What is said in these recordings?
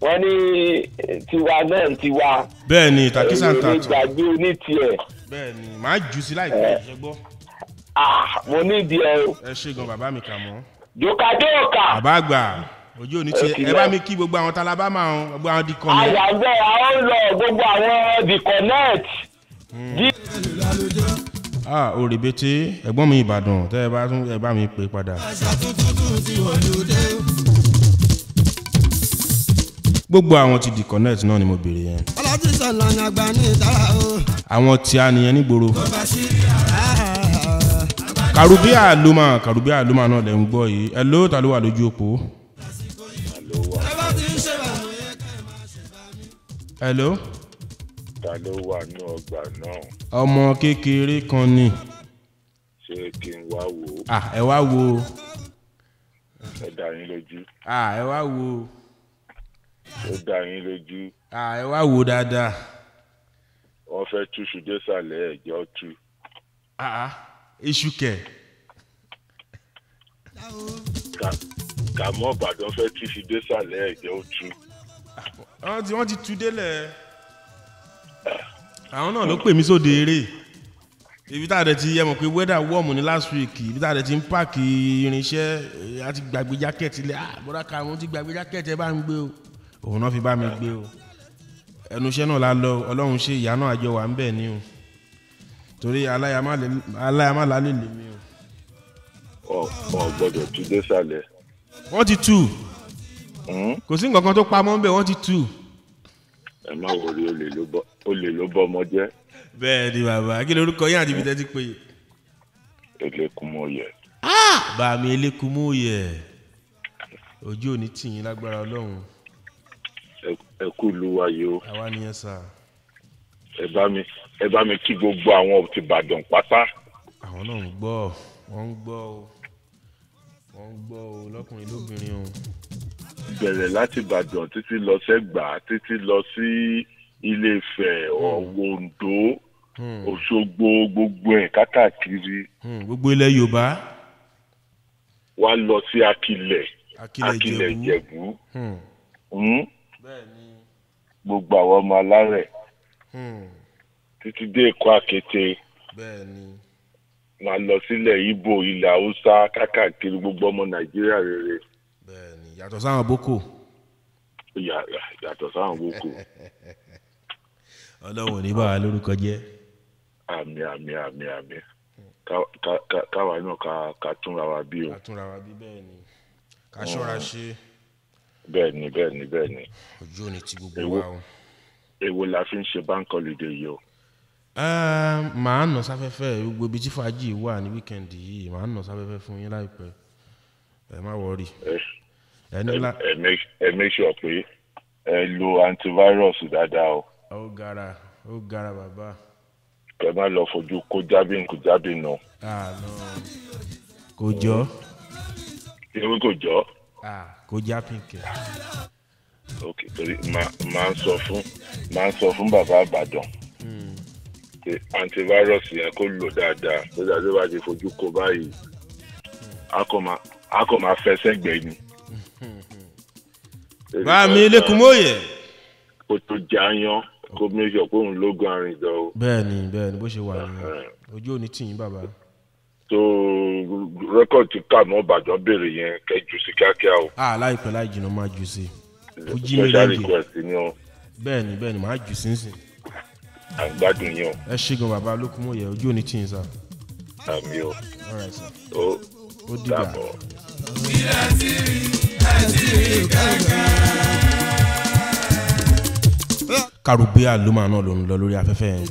wọ́n ní eh, tiwa náà ń tiwa. bẹ́ẹ̀ ni takisa ń ta tó. èmi gbàgbé ní tiẹ̀. bẹ́ẹ̀ ni màá jù sí láìpẹ́ eh. ṣẹgbọ́. Ah, mo ní ìdí ẹ o. ẹ ṣe gan bàbá mi kà mọ́. jòkàdé òkà. bàbá àgbà ojú òní tiẹ ẹ bá mi kí gbogbo àwọn talabama àwọn gbogbo àwọn dikọ náà. àyàgbẹ́ àwọn lọ gbogbo àwọn dikọ náà hmm. ah òrèbètè ẹ̀gbọ́n mi Ìbàdàn tẹ́ ẹ bá mi pè padà gbogbo àwọn ti di connect náà ni mo béèrè yẹn. ọlọ́tí sọ̀lọ́ ni àgbà ní ìtara o. àwọn tí a nìyẹn nígboro. tó bá sí yàrá. kàrúbíà ló máa kàrúbíà ló máa náà lẹ̀ ń gbọ́ yìí ẹ ló ta ló wà lójú òpó. ẹ ló. ta ló wà ní ọgbà náà. ọmọ kékeré kan ni. ṣé kí n wá wo. ẹ wá wo. ẹ dá yín lójú. ẹ wá wo. Ah, ó dá yín lójú. ẹ wá wò dáadáa. wọ́n fẹ́ túṣu désàlẹ̀ ẹ̀jọ́ tú. iṣu kẹ̀. kàmọ́ ìbàdàn fẹ́ túṣu désàlẹ̀ ẹ̀jọ́ tú. wọ́n ti tú délẹ̀. àwọn náà ló pè mí sóde eré ibi tá a dẹ̀ ti yẹ mọ̀ pé wẹ́dà wọ́ọ̀mù ní last week ibi tá a dẹ̀ ti ń pààkì irinṣẹ́ àti gbàgbé jákẹ́ẹ̀tì lẹ̀ ah bọ́dà kàmú ti gbàgbé jákẹ́ẹ̀tì ẹ bá ń gbé o òun náà fi bá mi gbé o ẹnu iṣẹ́ náà la lọ ọlọ́run ṣe ìyá àjọ wà ń bẹ̀ ni o torí aláyàmá lálẹ́ lè mi o. ọ gbọ́dọ̀ tú désàlẹ̀. wọ́n ti tú hmm? kò sí nǹkan kan tó pamọ́ ń wọ́n ti tú. ẹ má wòrí olè ló bọ́ ọmọ jẹ́. bẹ́ẹ̀ ni bàbá kí lorúkọ yín àti ibi tẹ́ ti pè elékùnmóye. bàmí elékùnmóye ojú ò ní tì yín lágbára ọlọ́run ẹ kú ìlú wa yìí o. àwa nìyẹn sà. ẹ bá mi ẹ bá mi kí gbogbo àwọn ti Ìbàdàn pátá. àwọn náà ń gbọ́ wọ́n ń gbọ́ o wọ́n ń gbọ́ o lọ́kùnrin lóbìnrin o. bẹ̀rẹ̀ láti Ìbàdàn títí lọ sẹ́gbàá títí lọ sí Ilé-Ifẹ̀ hmm. Oǹdó hmm. Òṣogbo gbogbo ẹ̀ kákàkiri. Hmm, gbogbo ilẹ̀ Yorùbá. wá lọ sí Akilẹ̀ Akilẹ̀ Jẹ̀bú. Akilẹ̀ Jẹ̀bú gbogbo àwọn ọmọ alárẹ̀ hmm. títí dé èkó àkété máa lọ sílẹ̀ ibo ilẹ̀ haúsá kákàkiri gbogbo ọmọ nàìjíríà rere. bẹ́ẹ̀ni yàtọ̀ sáwọn boko. yàtọ̀ sáwọn boko. ọlọ́run ò ní bá wa lórúkọ jẹ́. àmì àmì àmì àmì káwa náà ká túnra wa bí o. ká túnra wa bí bẹ́ẹ̀ ni ká ṣọ́ra ṣe. Oh bẹ́ẹ̀ni bẹ́ẹ̀ni bẹ́ẹ̀ni. ojú òní ti gbogbo wa o. èwo la fi ń ṣe bank holiday yìí o. Ehm, màá nà sáfẹ́fẹ́ gbogbo ibi tí fàájì wà ní wíkẹ́ndì yìí màá nà sáfẹ́fẹ́ fún yín láìpẹ́ ẹ má wọrí. ẹ make sure pé ẹ lo antivirus dáadáa o. ó gara ó gara bàbá. kẹ má lọ fojú kó jábìn kó jábìn nù. Ah, kò jọ. ewé kò jọ. Ah kó já pínkẹ́. ok torí máa ń sọ fún máa ń sọ fún bàbá àbàdàn hmm. pé antivirus yẹn kó lò dáadáa tó dáa tó bá ti fojú kó báyìí hmm. a kò máa fẹsẹ̀ gbẹ ni. bá mi lẹ́kùn mọ́yẹ̀. kó tó jàyàn kó méjọ pé òun lógun arìndọ̀ o. bẹ́ẹ̀ni bẹ́ẹ̀ni bó ṣe wà nìyẹn ojú ò ní tì bàbá tó rẹ́kọ̀d tí kànú ọ̀bàjọ́ béèrè yẹn kẹ́ jù sí kíákíá o. a ah, láìpẹ́ láì jìnnà máa jù sí i. special request ni o. bẹ́ẹ̀ni bẹ́ẹ̀ni máa jù sí nsìn. à ń gbádùn yín o. ẹ ṣe gan bàbá Olókùnmóyè ojú òní tí ń sá. àmì o. ó ó dìgbà. ìyá tí rí àti rí kankan. Karubial ló máa náà lòun lọ lórí afẹ́fẹ́ yẹn.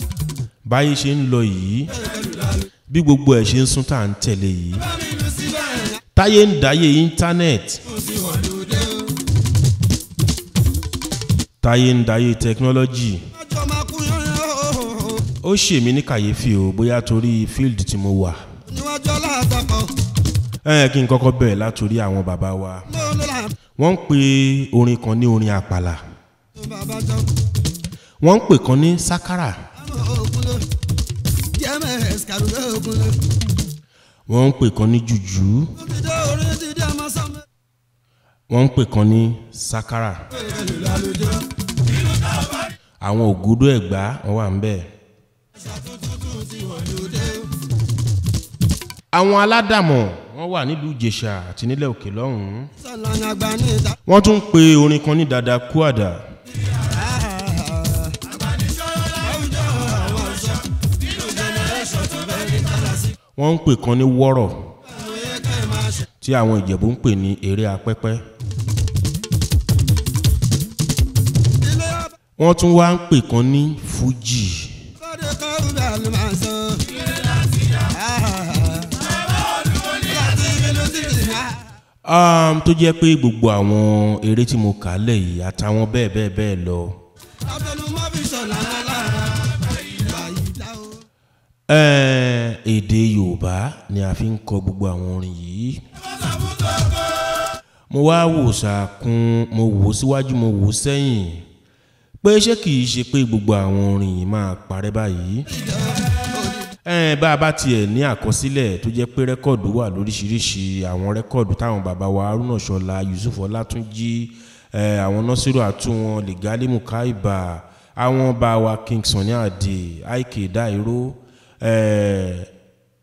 báyìí ṣe ń lọ yìí bí gbogbo ẹ̀ ṣe ń sún tá à ń tẹ̀lé yìí táyé ń dáyé íńtánẹ́ẹ̀tì táyé ń dáyé tẹkinọ́lọ́jì ó ṣe mí ní kàyéfì o bóyá torí field tí mo wà ẹ kí n kọ́kọ́ bẹ̀rẹ̀ látòrí àwọn bàbá wa wọ́n ń pe orin kan ní orin àpàlà wọ́n ń pè kan ní sákárà wọ́n ń pè kan ní jùjú wọ́n ń pè kan ní sakara àwọn ògúdó ẹ̀gbá wọ́n wà ń bẹ̀. àwọn aládàmọ̀ wọ́n wà nílùú ìjẹ̀ṣà àti nílẹ̀ òkè lọ́hùn-ún wọ́n tún ń pe orin kan ní dada kúàdà. wọ́n ń pè kan ní wọ́rọ̀ tí àwọn ìjẹ̀bú ń pè ní eré apẹ́pẹ́ wọ́n tún wá ń pè kan ní fújì um, tó jẹ́ pé gbogbo àwọn eré tí mo kà lẹ̀ yìí àtàwọn bẹ́ẹ̀ bẹ́ẹ̀ bẹ́ẹ̀ lọ. abẹnumọ́ fi sọ̀lá. Eh, èdè yorùbá ni a fi ń kọ gbogbo àwọn orin yìí mo wá wò sàkún mo wò síwájú mo wò sẹ́yìn pé ṣé kì í ṣe pé gbogbo àwọn orin yìí máa parẹ́ báyìí eh, bá a bá tiẹ̀ ní àkọsílẹ̀ tó jẹ́ pé rẹ́kọ̀dù wà lóríṣiríṣi àwọn rẹ́kọ̀dù táwọn bàbá wa haruna ṣọlá yusuf ọlátúnjì eh, àwọn nọ́sírò àtúwọn lẹ̀gálímù káìbà àwọn bá wa king sunny adé aike dairo Eh,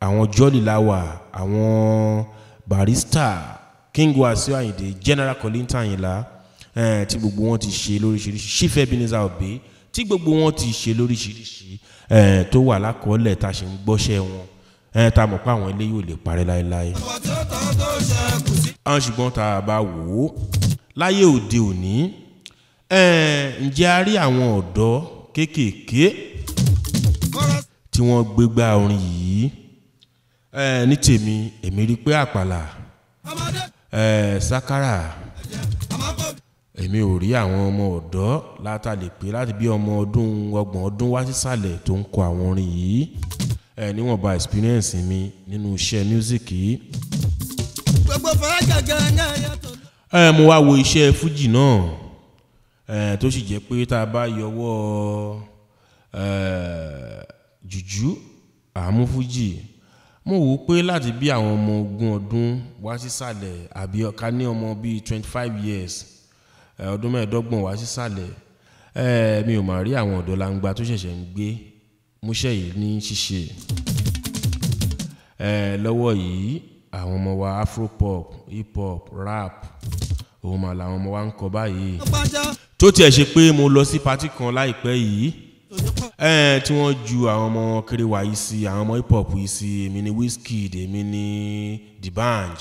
àwọn jọ́lì láwà àwọn barista king wasiu ayinde general kollington ayinla eh, tí gbogbo wọn ti ṣe lóríṣiríṣi ṣífẹ́ bínísà òbí tí gbogbo wọn ti ṣe lóríṣiríṣi eh, tó wà lákọọ́lẹ̀ tá a ṣe ń gbọ́ṣẹ́ wọn eh, mọ̀ pé àwọn eléyìí ò lè parẹ́ láéláé. àwọn ah, ṣùgbọ́n tá a bá wò ó láyé òde òní eh, ǹjẹ́ a rí àwọn ọ̀dọ́ kéékèèké tí wọ́n gbégbá orin yìí ní tèmi èmi rí i pé àpàlà sákárà èmi ò rí àwọn ọmọ ọ̀dọ́ látàlè pé láti bí ọmọ ọdún ọgbọ̀n ọdún wá sísàlẹ̀ tó ń kọ àwọn orin yìí níwọ̀nba experience mi nínú iṣẹ́ music yìí. gbogbo farajàgà náà yàtọ̀. ẹ mo wá wo iṣẹ́ fújì náà tó sì jẹ́ pé tá a bá yọwọ́ ẹ jùjú àmúfújì mo wò ó pé láti bí àwọn ọmọ ogún ọdún wá sísàlẹ̀ àbí ká ní ọmọ bíi twenty five years ọdún mẹ́ẹ̀ẹ́dọ́gbọ̀n wá sísàlẹ̀ mi ò mà rí àwọn ọ̀dọ́ langba tó ṣẹ̀ṣẹ̀ ń gbé múṣẹ́ yìí ní ṣíṣe lọ́wọ́ yìí àwọn ọmọ wa afropop hip hop rap òun mà làwọn ọmọ wa ń kọ báyìí tó tiẹ̀ ṣe pé mo lọ sí patí kan láìpẹ́ yìí ẹ̀ẹ́n eh, tí wọ́n ju àwọn ọmọ kiri wáyé sí àwọn ọmọ hip hop yìí sí èmi ni Wizkid èmi ni D'banj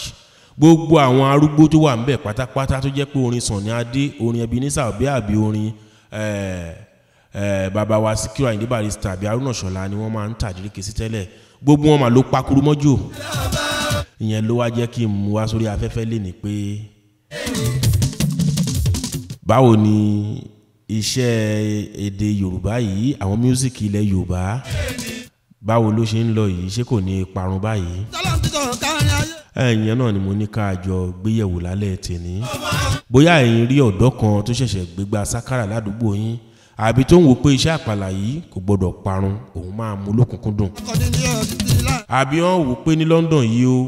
gbogbo àwọn arúgbó tó wà níbẹ̀ pátápátá tó jẹ́ pé orin Sunny Adé orin Ebenezer Obey àbí orin eh, eh, bàbá wa Síkírù Àyìndé Barrister àbí Haruna Ṣọlá ni wọ́n máa ń tàdíríkè sí tẹ́lẹ̀ gbogbo wọn mà ló pakuru mọ́jò ìyẹn ló wá jẹ́ kí n mú wá sórí afẹ́fẹ́ lé ni pé báwo ni iṣẹ́ èdè yorùbá yìí àwọn mísíkì ilẹ̀ yorùbá báwo ló ṣe ń lọ yìí ṣé kò ní parun báyìí. ẹ̀yìn náà ni mo ní ká jọ gbéyẹ̀wò lálẹ́ tèmi bóyá ẹ̀yin rí ọ̀dọ́ kan tó ṣẹ̀ṣẹ̀ gbégbá sákàrà ládùúgbò yín àbí tó ń wo pé iṣẹ́ àpàlà yìí kò gbọ́dọ̀ parun òun máa mú lókùnkúndùn. àbí wọ́n wò pé ní London yìí o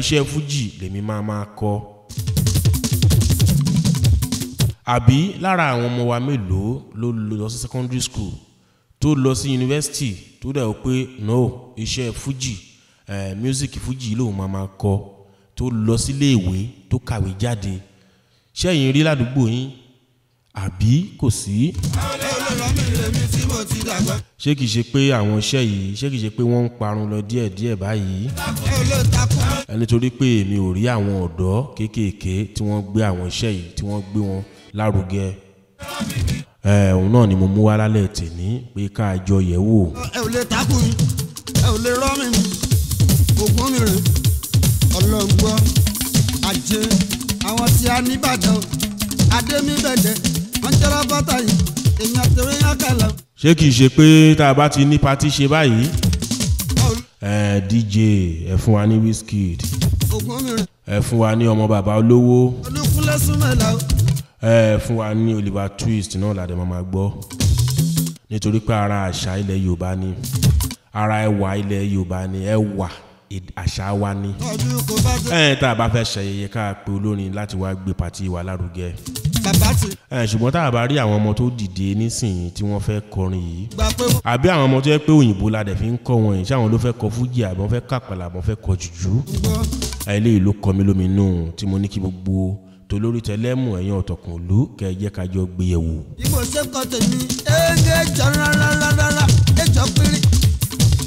iṣẹ́ fújì lèmi máa máa kọ́ àbí lára àwọn ọmọ wa mélòó ló lọ sí secondary school tó lọ sí university tó dẹ̀ wò pé no iṣẹ́ fuji eh, music fuji lòun máa máa kọ tó lọ sílé ìwé tó kàwé jáde ṣẹ́yìn rí ládùúgbò yín àbí kò sí. ṣé kìí ṣe pé àwọn iṣẹ́ yìí ṣé kìí ṣe pé wọ́n ń parun lọ díẹ̀díẹ̀ báyìí. nítorí pé èmi ò rí àwọn ọ̀dọ́ kéékèèké tí wọ́n gbé àwọn iṣẹ́ yìí tí wọ́n gbé wọn lárugẹ òun náà ni mo mú wá lálẹ́ tèmi pé ká jọ yẹ̀ wò. ẹ ò lè takù mi ẹ ò lè rọ́ mi ògùn mi rè ọlọ́gbọ́ àjẹ àwọn tí a ní Ìbàdàn adé mi bẹ̀dẹ̀ wọ́n jẹ́ra bọ́tà yìí èèyàn tèrè yàn kàlà. ṣé kìí ṣe pé tá a bá ti ní patí ṣe báyìí DJ ẹ fún wa ní Wizkid ẹ fún wa ní ọmọ bàbá olówó. olùkúnlẹ̀ súnmọ́ ẹ̀ làwọn ẹ fún wa ní Oliver Twist náà làdẹ máa máa gbọ́ nítorí pé ara àṣà ilẹ̀ Yorùbá ni ara ẹwà ilẹ̀ Yorùbá ni ẹwà àṣà wa ni ẹ̀ẹ́n tá a bá fẹ́ ṣẹyẹyẹ ká pe olórin láti wá gbé pàtí wa lárugẹ ṣùgbọ́n tá a bá rí àwọn ọmọ tó dìde nísìnyí tí wọ́n fẹ́ kọrin yìí àbí àwọn ọmọ tó yẹ pé òyìnbó la dẹ̀ fi ń kọ́ wọn yìí ṣé àwọn ló fẹ́ kọ fújì àbí fẹ́ kàpàlà àbí fẹ́ kọ jùjú eléyìí ló kọ mí lóminú tí mo ní kí gbogbo tolórí tẹlẹ́mù ẹ̀yàn ọ̀tọ̀kùn ìlú kẹ́ ẹ jẹ́ ká jọ gbé yẹ̀wò. E bí mo ṣe kọ tèmi ẹgbẹ́ ìjọ rárá ẹjọ́ péré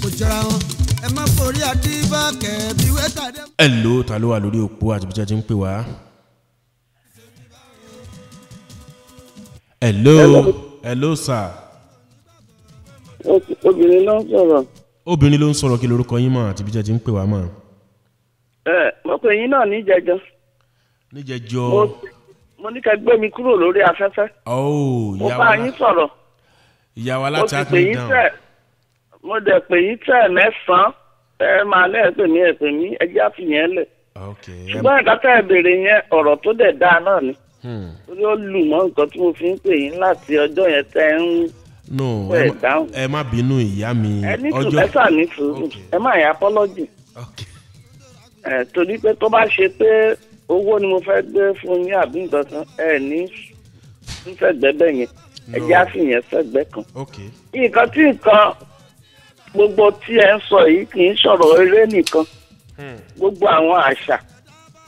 kò jọra wọn ẹ má forí àdìbà kẹ̀ẹ́bí wẹ́tà dé. ẹ ló ta ló wà lórí òpó àti bí jẹ́jẹ́ ń pè wá. ẹ ló ẹ ló sà. obìnrin ló ń sọ̀rọ̀. obìnrin ló ń sọ̀rọ̀ kí lorúkọ yín mọ̀ àti bí jẹ́jẹ́ ń pè wá mọ̀. ẹ mọ̀ pé yín náà ní jẹjọ́ níjẹjọ. mo ní ká gbé mi kúrò lórí afẹ́fẹ́. Oh, mo bá yín sọ̀rọ̀. ìyàwó aláta tó dáhùn. mo dẹ̀ pè yín tẹ̀ mẹ́sàn-án ẹ máa lẹ́ẹ̀pẹ̀ mí ẹ̀pẹ̀ mí ẹjẹ́ àfihàn lẹ̀. ṣùgbọ́n ìdáta ìbéèrè yẹn ọ̀rọ̀ tó dẹ̀ dáa náà ni. Hmm. torí ó lù mọ́ nǹkan tí mo fi ń pè yín láti ọjọ́ yẹn tẹ́ ń no ẹ má bínú ìyá mi ọjọ́ ẹ sà ní sùúrù ẹ má yà apology torí pé tó bá ṣe pé owó ni mo fẹ́ gbé fún yín àbí nǹkan ẹ ní sẹ́gbẹ́ bẹ́ẹ̀ yẹn ẹ̀jẹ̀ á sì yẹn kan. nǹkan tí nǹkan gbogbo tí ẹ ń sọ yìí kì í sọ̀rọ̀ eré nìkan hmm. gbogbo àwọn àṣà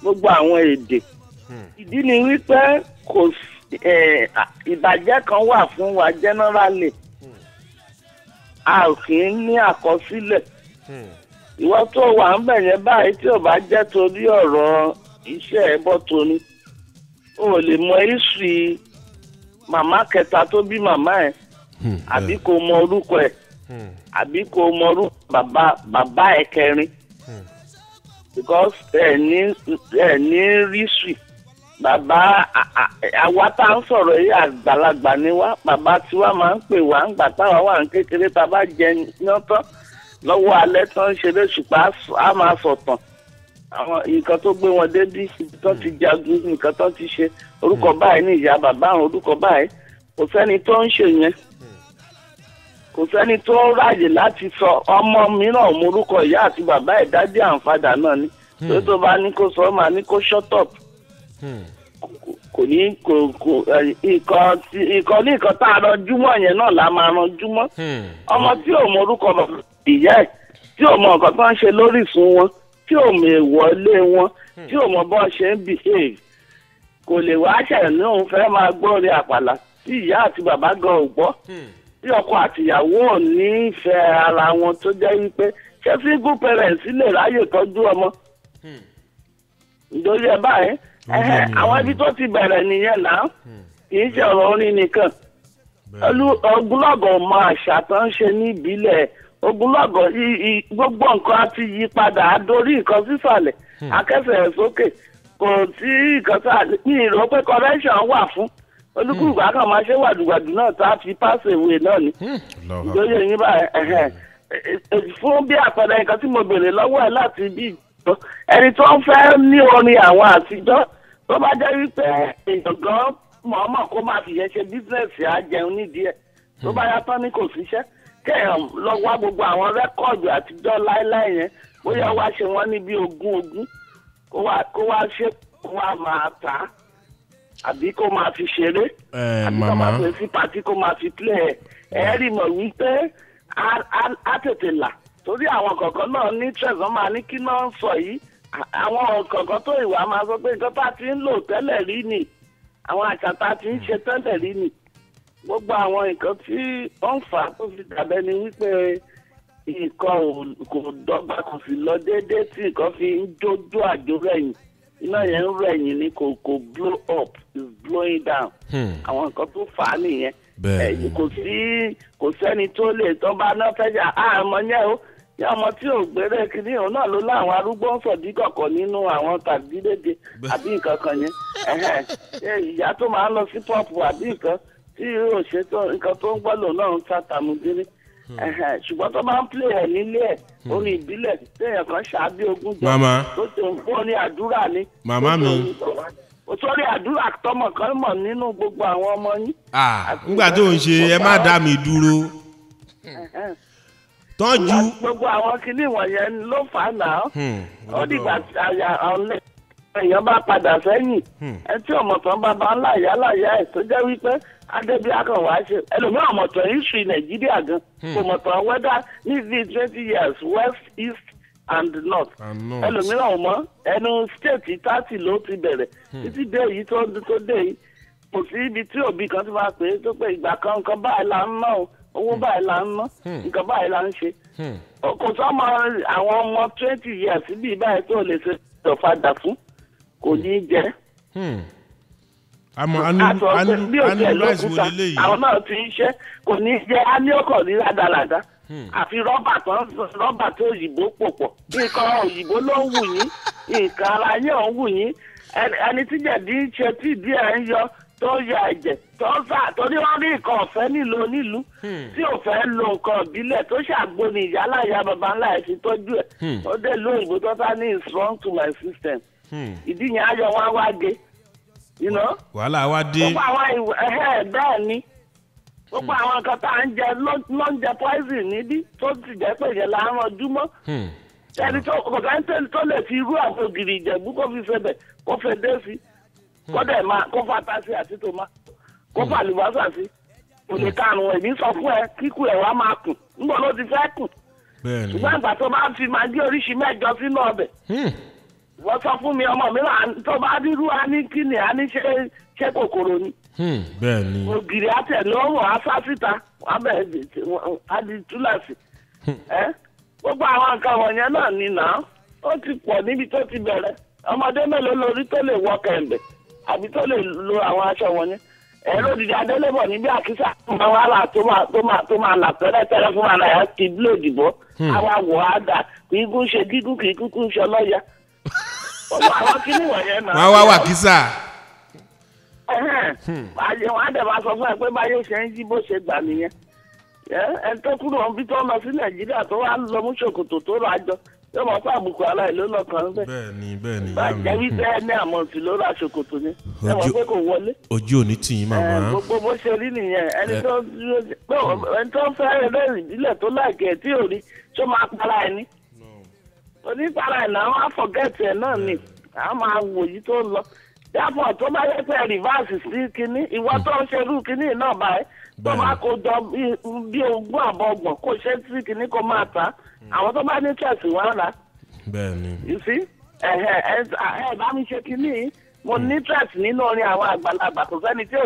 gbogbo àwọn èdè hmm. ìdí ni wípé kò ìbàjẹ́ kan wà fún wa generally hmm. a ò kì í ní àkọsílẹ̀ ìwọ tó wà ń bẹ̀ yẹn báyìí tí ò bá jẹ́ torí ọ̀rọ̀ iṣẹ́ ebo bọ́ tóní o le lè mọ ìsì màmá kẹta tó bí màmá ẹ̀ hmm, àbí kò mọ orúkọ ẹ̀ hmm. àbí kò mọ orúkọ bàbá bàbá ẹ̀ kẹrin hmm. because ẹ̀ ní ẹ̀ ní bàbá àwa tá à ń sọ̀rọ̀ yìí àgbàlagbà tiwa máa ń pè wá ń gbà táwa wà ń kékeré tá a bá jẹ yán tán a máa sọ̀tàn. So àwọn nǹkan tó gbé wọn débi tó ti jagun nǹkan tó ti ṣe orúkọ hmm. báyìí ní ìyá bàbá àwọn orúkọ báyìí kò sẹ́ni tó ń ṣe yẹn kò sẹ́ni tó ráàyè láti sọ ọmọ mìíràn mú orúkọ ìyá àti bàbá ẹ̀ dádì àǹfààdà náà ni hmm. tó tó bá ní kó sọ ọ́ máa ní kó shut up hmm. kò ní kò kò ìkọ ní ìkọ tá a ranjúmọ́ yẹn náà la máa ranjúmọ́ ọmọ tí ò mọ orúkọ ìyá ẹ̀ tí ò mọ nǹkan tó ń ṣe lórí ìsun wọn. tí ò mọ ìwọlé wọn tí ò mọ bọ́ ṣe ń behave kò lè wá ṣẹlẹ̀ ní òun fẹ́ máa gbọ́ orin àpàlà tí ìyá àti bàbá gan ò gbọ́ hmm. tí ọkọ àtìyàwó ò ní ìfẹ́ ara wọn tó jẹ́ wípé ṣé single parents lè ráyè tọ́jú ọmọ hmm. nítorí ẹ báyìí àwọn ibi tó ti bẹ̀rẹ̀ nìyẹn náà hmm. kì í ṣe ọ̀rọ̀ orin nìkan ogunlọ́gọ̀ ọmọ àṣà tó ń ṣe ní ìbílẹ̀ ogunlọ́gọ̀ gbogbo nǹkan á ti yí padà á dorí nǹkan sísàlẹ̀ hmm. akẹ́sẹ̀ sókè kò sí nǹkan tá ní ìró pé correction wà fún olúkúlùkù àkàn hmm. máa ṣe wàdùwàdù náà tá a fi pass away náà ni hmm. ìjọyè yín bá fún bí àpẹẹrẹ nǹkan tí mo béèrè lọ́wọ́ ẹ láti bí ẹni tó ń fẹ́ ní orin àwọn àtijọ́ tó bá jẹ́ wípé èèyàn gan mọ̀ọ́mọ̀ kó máa fi yẹn ṣe bísíǹsì á jẹun nídìí ẹ̀ tó bá yá tán ni kò síṣẹ́ kẹ́hìn lọ wá gbogbo àwọn rẹ́kọ̀dù àtijọ́ láéláé yẹn bóyá wá ṣe wọ́n ní bíi ogún ogún kó wá kó wá ṣe kó wá máa tà á àbí kó máa fi ṣeré àbí kó máa fi sí pàtí kó máa fi plé ẹ̀ ẹ́ rí mọ̀ wípé á tètè là torí àwọn kọ̀ọ̀kan náà ní tẹ̀sán máa ní kí náà ń sọ yìí àwọn kọ̀ọ̀kan tó ìwà máa sọ pé nǹkan tá a ti ń lò tẹ́lẹ̀ rí ni àwọn àṣà tá a ti ń ṣe tẹ́lẹ̀ rí ni gbogbo àwọn nǹkan tí ó ń fà á tó fi dàbẹ́ ni wípé nǹkan kò dọ́gba kò sì lọ déédéé tí nǹkan fi ń jójó àjò rẹ̀yìn iná yẹn ń rẹ̀yìn ni kò kò blow up is blowing down hmm. àwọn nǹkan tó fà á nìyẹn ẹ̀yìn kò sí kò sẹ́ni tó lè tán bá ná fẹ́jà àmọ́ yẹn o yẹ ọmọ tí ò gbére kínní òun náà ló láwọn arúgbó ń sọdí kọ̀ọ̀kan nínú àwọn tàbí dédé àbí nǹkan kan yẹn ìyá tó máa ń lọ sí pọ́ọ̀pù àbí nǹkan tí yóò ṣe tó nǹkan tó ń gbọ́dọ̀ náà ń sàtàmùdírí hmm. ṣùgbọ́n tó máa ń play ẹ̀ nílé ẹ̀ hmm. orin ìbílẹ̀ téèyàn kan ṣáájú ogún jọ tó ti ń fún ní àdúrà ni. màmá mi sórí àdúrà tọmọ kan mọ̀ nínú gbogbo àwọn ọmọ yín. nígbà tó ń ṣe ẹ má dá mi dúró tọ́jú. gbogbo àwọn kinní wọ̀nyẹn ló fà á nà ó hmm. ó dìgbà àyà ọ̀lẹ́ èèyàn bá padà sẹ́yìn ẹ tí ọmọ tán bá bá ńlá ìyá láyà ẹ̀ tó jẹ́ wípé adébí akọwà ṣe ẹlòmíràn mọ̀tọ̀ history nàìjíríà gan hmm. kò mọ̀tọ̀ ní the twenty years west east and north ẹlòmíràn mọ̀ ẹnu state thirty ló ti bẹ̀rẹ̀ hmm. títí dé èyí tó tó dé yìí kò sí ibi tí òbí kan ti máa pè é tó pé ìgbà kan nǹkan báyìí là ń ná o owó hmm. báyìí là ń ná nǹkan báyìí là ń ṣe kò sọ́mọ àwọn ọmọ twenty years bíi báyìí tó lè ṣe ìjọba dà fún kò ní í jẹ́ àmọ́ ah, anúláìsí wo leléyìí. àwọn náà ti ń ṣe kò ní jẹ́ aníọ́kọ̀ ní ládàládà hmm. àfi rọ́bà tó rọ́bà tó òyìnbó pò pọ̀ nǹkan òyìnbó ló ń wù yín nǹkan ara yẹn ò ń wù yín ẹni tí jẹ̀dí ń ṣe tí ìdí ẹ̀ ń yọ tó yọ ẹ̀jẹ̀ tó sà tó ní wọ́n rí nǹkan ọ̀fẹ́ nílùú onílùú hmm. tí ò fẹ́ lo nǹkan ìbílẹ̀ tó ṣàgbóni ìyá láyà baba ńlá ẹ̀ fi tọ́jú ẹ̀ hmm. ó dé lóyìnbó tó sá ní is wrong to my system ìdí yẹn ayọ̀ wá wá ge you know. wàhálà wa dé. gbogbo àwọn ẹ̀hẹ́ bẹ́ẹ̀ ni gbogbo hmm. àwọn nǹkan tá à ń jẹ lóúnjẹ poison níbí tó ti jẹ́ pé yẹn là ń rọjú hmm. ẹni tó kò sẹ́ni tẹ́lẹ̀ tó lè fi irú àwọn ògiri ìjẹ̀bú kó fi ṣe kó fẹ́ dé sí hmm. kó dẹ̀ máa kó fa tásí àti tòmá kó fa àlùbọ́sà sí. òní karùn-ún sọ fún ẹ kíkù ẹ̀ wá máa kù níbo ló ti fẹ́ kù. ṣùgbọ́n ìgbà tó bá fi máa gé oríṣi mẹ́jọ sínú ọbẹ̀. wọ́n fún mi ọmọ mi wà tó bá dírú aníkíni aníṣe ṣe kòkòrò ni. Hmm. bẹ́ẹ̀ ni. ògiri àtẹ̀lọ́wọ̀ afásíta abẹ́ aditúlàsì. Hmm. gbogbo àwọn nǹkan wọ̀nyẹn náà ni nà ó ti pọ̀ níbi tó ọmọdé mélòó lórí tó lè wọ àbí tó àwọn aṣọ wọ̀nyẹn ẹ̀rọ òdìdí adélébọ̀ níbi àkísà máa wá là tó máa là tẹ́lẹ̀tẹ́lẹ̀ fún ti igun wọ́n wá wà kísà. wọ́n á dẹ̀ bá sọ fún ẹ pé báyọ̀ ṣe ń jí bó ṣe gbà nìyẹn ẹ tó kúrò ọ̀n bí tó ọmọ sí nàìjíríà tó wà lọ mú ṣòkòtò tó rọ àjọ yóò mọ̀ pé àbùkù aláìlélọ́kàn bẹ́ẹ̀. bẹ́ẹ̀ni bẹ́ẹ̀ni yá mi. bàjẹ́ wípé ẹni àmọ̀tì ló ra ṣòkòtò ni ẹ mọ̀ pé kò wọlé. ojú òní tì yín màmá. gbogbo bó ṣe rí nìyẹn ẹni tó ẹni tó fẹ́ ẹlẹ́rìí ìbílẹ̀ tó láìkẹ́ tí ò rí ṣó máa para ẹni. oníbàárà ìnáwó àfọ̀gẹ́tì náà ni hmm. a máa wò yí tó lọ yàtọ̀ tó bá yẹ pé rìvásì sí kínní ìwọ hmm. tó ń ṣerú kínní náà báyìí tó bá kó jọ bí ogún àbọ̀ kó ṣe sí kínní kó máa ta hmm. àwọn tó bá ní chẹ́ẹ̀sì wá rà. ẹ ẹ bá mi ṣe kínní mo ní chẹ́ẹ̀sì nínú orin àwọn àgbàlagbà kò sẹ́ni tí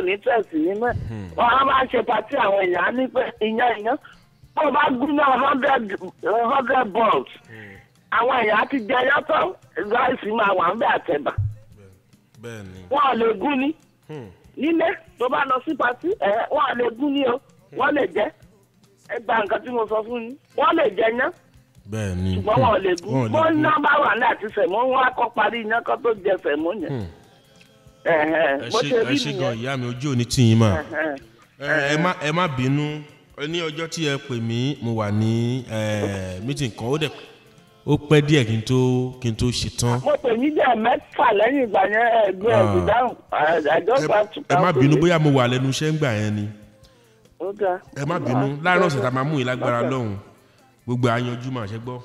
ò àwọn èèyàn ti jẹ yàtọ̀ ráìsì máa wà ń bẹ àtẹ̀bà wọn ò lè gún ní, hmm. nílé tó bá lọ sí patí ẹ wọn ò lè gún ní o wọn lè jẹ ẹ tí mo sọ fún yín wọn lè jẹ yán ṣùgbọ́n wọn ò lè gún mọ hmm. iná bá àti wọn parí tó jẹ yẹn hmm. ẹ ṣe ìyá mi ojú ó pẹ́ díẹ̀ kí n tó kí n tó ṣe tán. mo pè ní díẹ̀ mẹ́fà lẹ́yìn ìgbà yẹn ẹgbẹ́ ẹ̀gbẹ́ dáhùn ah. ẹ má bínú bóyá mo wà lẹ́nu iṣẹ́ ńgbà yẹn ni. ẹ má bínú láàárín ọ̀sẹ̀ tá a máa mú yín lọ́hùn gbogbo àyànjú màá ṣe gbọ́.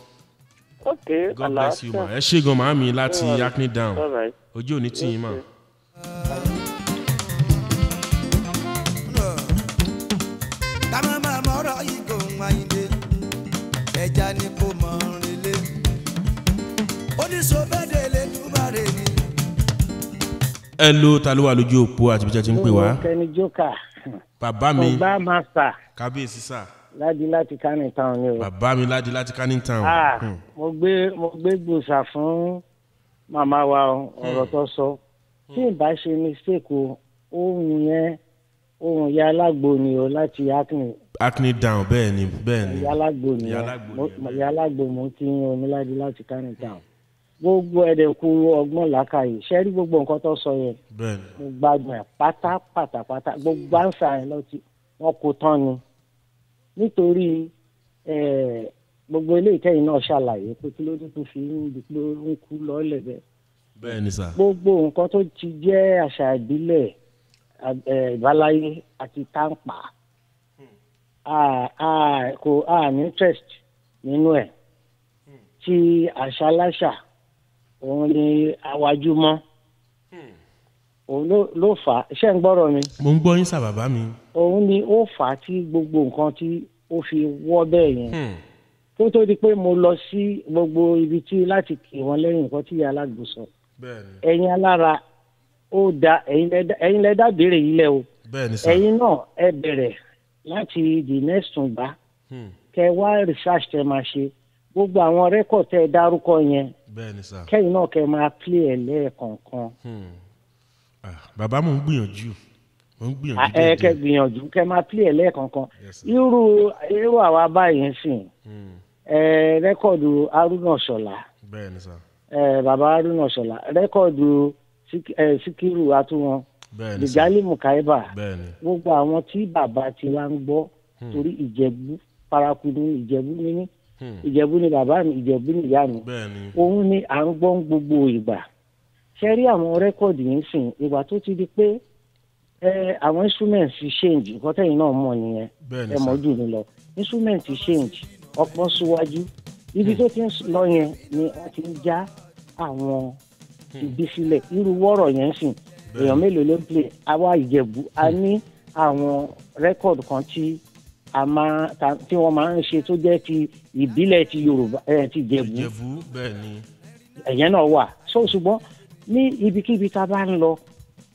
God bless you ma ẹ ṣe gan màámi láti acne down ojú ò ní tì yín mà. ẹ ló ta ló wà lójú òpó àti bíjà tí ń pè wá. kẹni jókà. bàbá mi bàbá màsà. kábíyèsí sà. ládi láti canning town ni o. bàbá mi ládi láti canning town. ah mo gbé mo gbé gbòòsà fún màmá wa ọ̀rọ̀ hmm. tó sọ hmm. tí n bá ṣe mistake o ohun yẹn ohun ya alágbo ni o láti acne. acne down bẹ́ẹ̀ ni bẹ́ẹ̀ ni. ya alágbo ni ya alágbo mo ti yan omi ládi láti canning town gbogbo ẹ̀dẹ̀ ku ọgbọ́n làákàyè ṣe rí gbogbo nǹkan tó sọ yẹn mo gbádùn ẹ̀ pátá pátápátá gbogbo àǹsà yẹn lọ ti wọn kò tán ni nítorí gbogbo ilé ìkẹyìn náà ṣàlàyé pé kí ló dé fi ń di ń kú lọ́ọ́lẹ̀ bẹ́ẹ̀. bẹ́ẹ̀ ni sà. gbogbo nǹkan tó ti jẹ́ àṣà ìbílẹ̀ ìbáláyé àti táǹpà kò ní interest nínú ẹ̀ hmm. tí àṣà láṣà òun ni àwájú mọ́ òun ló fà á ṣé ń gbọ́rọ̀ mi. mo ń gbọ́ yín sà bàbá mi. òun ni ó fà á tí gbogbo nǹkan tí ó fi wọ́ bẹ́ẹ̀ yẹn kó tó di pé mo lọ sí gbogbo ibi tí láti kì wọ́n lẹ́yìn nǹkan tí alágbó sọ ẹ̀yin alára ó da ẹ̀yin lẹ́dá béèrè yìí lẹ́ o ẹ̀yin náà ẹ bẹ̀rẹ̀ láti the next tùngbà hmm. kẹ wá research tẹ máa ṣe gbogbo àwọn rẹ́kọ̀tì ẹ dárúkọ yẹn kẹ́yìn náà kẹ́ máa play ẹ̀ lẹ́ẹ̀kọ̀ọ̀kan. Hmm. Ah, bàbá mò ń gbìyànjú mò ń gbìyànjú ah, déédéé. ẹ kẹ́ gbìyànjú kẹ́ máa play ẹ̀ lẹ́ẹ̀kọ̀ọ̀kan irú irú àwa báyìí ń sìn hmm. rẹ́kọ̀dù Haruna Ṣọlá bàbá Haruna Ṣọlá rẹ́kọ̀dù Síkírù Àtúwọn Dìjálì Mùkáíbà gbogbo àwọn tí bàbá tiwa ń gbọ́ hmm. torí Ìjẹ̀bú paraku ní Ìjẹ̀bú níní Hmm. ìjẹ̀bú ni bàbá mi ìjẹ̀bú ni ìyá mi òun ni à ń gbọ́ gbogbo ìgbà ṣe rí àwọn rẹ́kọ̀dì yìí sìn ìgbà tó ti di pé àwọn instruments change nǹkan tẹ̀yìn náà mọ̀ nìyẹn ẹ mọ̀ jù mí lọ instruments change ọpọ́n síwájú ibi hmm. tó ti ń lọ yẹn ni wọ́n ti ń já àwọn ìbí hmm. sílẹ̀ irú wọ́rọ̀ yẹn sìn èèyàn mélòó ló ń play àwa ìjẹ̀bú a ní àwọn rẹ́kọ̀dì kan tí a máa tí wọ́n máa ń ṣe tó jẹ́ ti ìbílẹ̀ ti Yorùbá ẹ̀ ti Jẹ̀bú ẹ̀yẹn náà wà so ṣùgbọ́n ní ibikíbi tá a bá ń lọ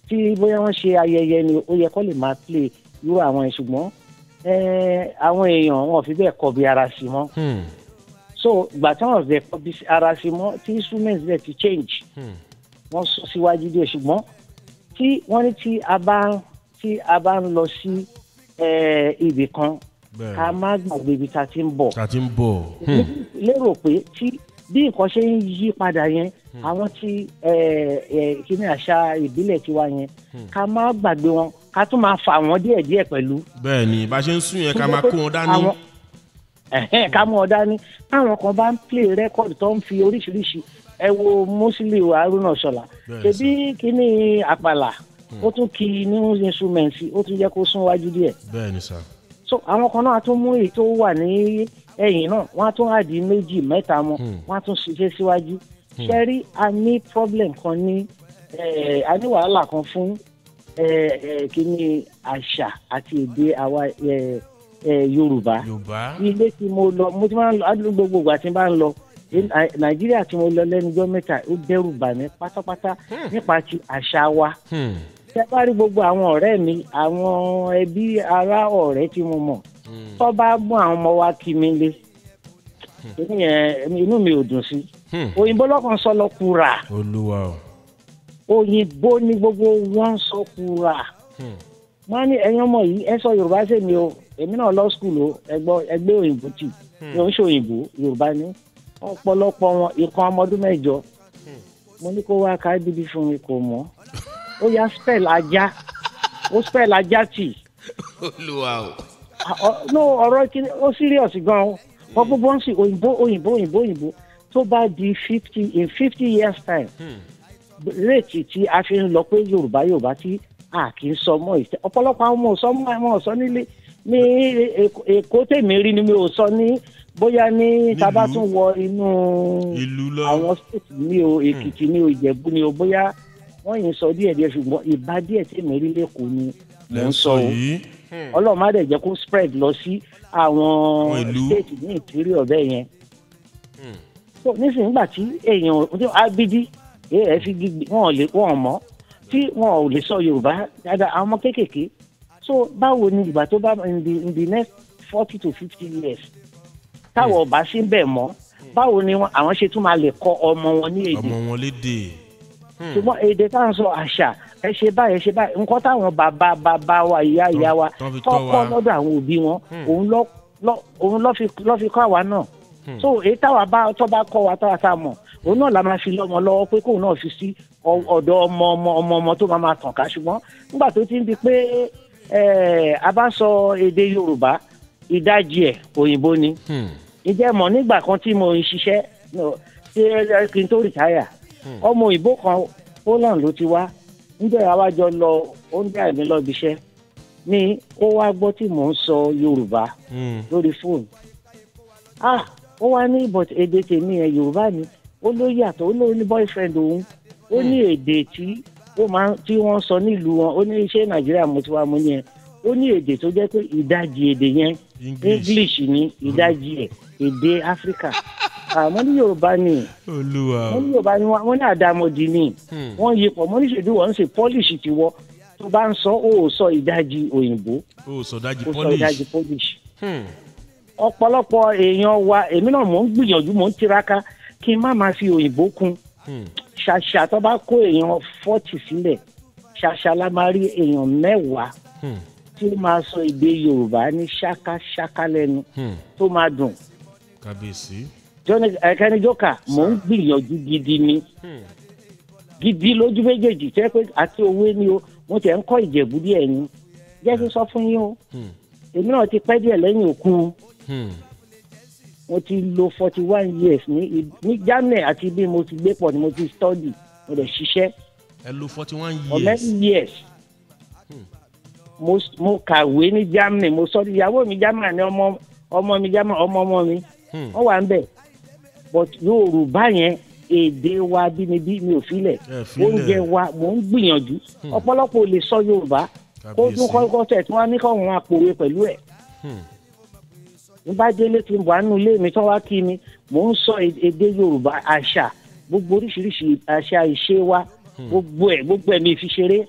tí bóyá wọ́n ṣe ayẹyẹ ni ó yẹ kó lè máa play irú àwọn ẹ̀ ṣùgbọ́n àwọn èèyàn wọn fi bẹ́ẹ̀ kọbi ara sí mọ́ hmm. so gbà tí wọ́n fẹ́ kọbi ara sí mọ́ tí instruments bẹ́ẹ̀ ti change hmm. wọ́n sọ síwájú díẹ̀ ṣùgbọ́n tí wọ́n ní tí a bá ń tí a bá ń lọ sí ibì kan ká má gbàgbé ibi tá a ti ń bọ̀. tá a ti ń bọ̀. Hmm. lérò pé tí bí nǹkan ṣe ń yí padà yẹn hmm. àwọn tí kíní àṣà ìbílẹ̀ tiwa yẹn hmm. ká má gbàgbé wọn ká tún máa fà wọ́n díẹ̀díẹ̀ pẹ̀lú. bẹ́ẹ̀ni bá a ṣe ń sùn yẹn ká máa kó wọn dání ká mú ọ dání táwọn kan bá ń play record tó ń fi oríṣiríṣi ẹ wo Musiliu Haruna Ṣọlá ṣebí kíní àpàlà ó tún kí new instrument ó tún yẹ kó sún wájú díẹ̀. bẹ́ẹ̀ni sá so àwọn kan náà tún mú èyí tó wà ní ẹ̀yìn náà wọ́n á tún àdí méjì mẹ́ta mọ́ hmm. wọ́n á tún ṣiṣẹ́ síwájú hmm. ṣe rí a ní problem kan ní eh, a ní wàhálà kan fún eh, eh, kíní àṣà àti èdè àwa Yorùbá ilé tí mo lọ mo ti máa ń lọ adúgbò gbogbo àti máa ń lọ hmm. Nàìjíríà tí mo lọ lẹ́nu jọ́ mẹ́ta ó dẹ́rù bà mí pátápátá nípa ti àṣà wa ṣe bá rí gbogbo àwọn ọ̀rẹ́ mi àwọn ẹbí ará ọ̀rẹ́ tí mo mọ̀ hmm. tó bá gbọ́n àwọn ọmọ wa kí mi lé hmm. inú mi ò dùn sí hmm. òyìnbó lọ́kàn sọ lọ kura òyìnbó ni gbogbo wọn sọ kura wọn ní ẹ̀yin ọmọ yìí ẹ sọ yorùbá ṣe mi o èmi náà lọ skul o ẹgbẹ́ òyìnbó tì mi ò ń ṣe òyìnbó yorùbá ni ọ̀pọ̀lọpọ̀ wọn ìkan ọmọdún mẹ́jọ mo ní kó wá ká fún mi kò mọ̀. Oh, yá spell aja, oh spell aja tì. olúwa no ọ̀rọ̀ kìíní ó serious gan-an wọ́n gbogbo ń sìn òyìnbó òyìnbó òyìnbó òyìnbó tó bá di fifty in fifty years time hmm. réètì tí a fi ń lọ pé yorùbá yorùbá tí a kì í sọ mọ́ ìtẹ́ ọ̀pọ̀lọpọ̀ àwọn ọmọ ọ̀sán mọ́ àwọn ọ̀sán nílé ní èkó tèmi rí ni mi ò sọ ní bóyá ní tábà wọ inú àwọn state ní o èkìtì ní o ìjẹ̀bú ní o bóyá wọ́n yìí sọ díẹ̀ díẹ̀ ṣùgbọ́n ìbá díẹ̀ tí mi rí lẹ́kọ̀ọ́ ni mò ń sọ o hmm. ọlọ́run má dẹ̀ jẹ́ kó spread lọ sí àwọn state ní ìtírí ọ̀bẹ yẹn hmm. so nísìnyí gbà tí èèyàn abidi ẹ fi gbígbé wọn ò lè wọn ò mọ̀ tí wọn ò lè sọ yorùbá dáadáa àwọn ọmọ kéékèèké so báwo ni ìgbà tó bá in the next forty to fifty years táwọn hmm. ọba sí ń bẹ̀ mọ́ báwo ni àwọn ṣe tún máa lè kọ́ ọmọ wọn ní èdè. ọmọ wọn lédè ṣùgbọ́n èdè tá à ń sọ àṣà ẹ ṣe báyìí ẹ ṣe báyìí nǹkan táwọn bàbá bàbá wa ìyá ìyá wa tọ́kọ́ lọ́dọ̀ àwọn òbí wọn òun lọ́ fi kọ́ àwa náà so èyí eh, táwa bá tọ́ bá kọ́ wa táwa tá a mọ̀ òun náà la máa fi lọ́mọ lọ́wọ́ pé kóun náà fi sí ọ̀dọ̀ ọmọ ọmọ ọmọ ọmọ tó máa máa tàn ká ṣùgbọ́n nígbà tó ti ń di pé a bá sọ èdè Yorùbá ìdajì ẹ̀ òyìnbó ni hmm. ǹjẹ́ mọ̀ nígbà kan tí mo ń ṣiṣẹ́ kí n tó rìtáyà Hmm. ọmọ òyìnbó kan Poland ló ti wá níbẹ̀ àwa jọ lọ ó ń dá ẹ̀mí ni ó wá gbọ́ tí mò ń sọ Yorùbá hmm. lórí fóònù ah ó wá ní but èdè tèmi ẹ Yorùbá ni ó ló yàtọ̀ ó lóun ní boyfriend òun ó ní hmm. èdè tí ó máa tí wọ́n sọ nílùú wọn ó ní ṣé Nàìjíríà mo ti wá mú yẹn ó ní èdè tó jẹ́ pé ìdajì èdè yẹn English ni ìdajì ẹ̀ èdè Áfíríkà àmọ́ ah, ní yorùbá ni wọ́n ní yorùbá ni wọ́n ní àdàmọ̀dì ni hmm. wọ́n yí pọ̀ mọ́ ní ṣèdú wọ́n ń ṣe pọ́líṣì tiwọ́ tó bá ń sọ ó sọ ìdajì òyìnbó ó sọ ìdajì pọ́líṣì hmm. ọ̀pọ̀lọpọ̀ èèyàn wa èmi náà mò ń gbìyànjú mò ń tiraka kí n má máa fi òyìnbó kún hmm. ṣàṣà tó bá kó èèyàn fọ́tì sílẹ̀ ṣàṣà la máa rí èèyàn mẹ́wàá tí ó máa sọ èdè yorùbá ní ṣákáṣáká tó máa dùn. kábíyèsí ẹ̀kẹ́ni jókà mò ń gbìyànjú gidi ni hmm. gidi lójú méjèèjì tẹ́ pé àti òwe ni o mo tẹ̀ ń kọ́ ìjẹ̀bú díẹ̀ ni jẹ́ kí n sọ fún yín o hmm. èmi náà ti pẹ́ díẹ̀ lẹ́yìn òkú hmm. mo ti lò forty one years ní ní Germany àti bí mo ti gbé pọ̀ ni mo ti study mo dẹ̀ ṣiṣẹ́ ẹ lò forty one years for many years mo mo kàwé ní Germany mo sọ ìyàwó mi Germany ọmọ ọmọ mi Germany ọmọ ọmọ mi wọ́n wà ń bẹ̀ but yorùbá yẹn èdè wa bínibí mi ò filẹ̀ oúnjẹ wa mò ń gbìyànjú hmm. ọ̀pọ̀lọpọ̀ lè sọ yorùbá kó tún kọ́kọ́ tẹ̀ tí wọ́n ní kọ́ wọn apòwe pẹ̀lú ẹ̀ n hmm. bá délé tí n bọ̀ àánú ilé mi tán wá kí mi mò ń sọ èdè yorùbá àṣà gbogbo oríṣiríṣi àṣà ìṣe wa hmm. gbogbo ẹ̀ gbogbo ẹ̀ mi fi ṣeré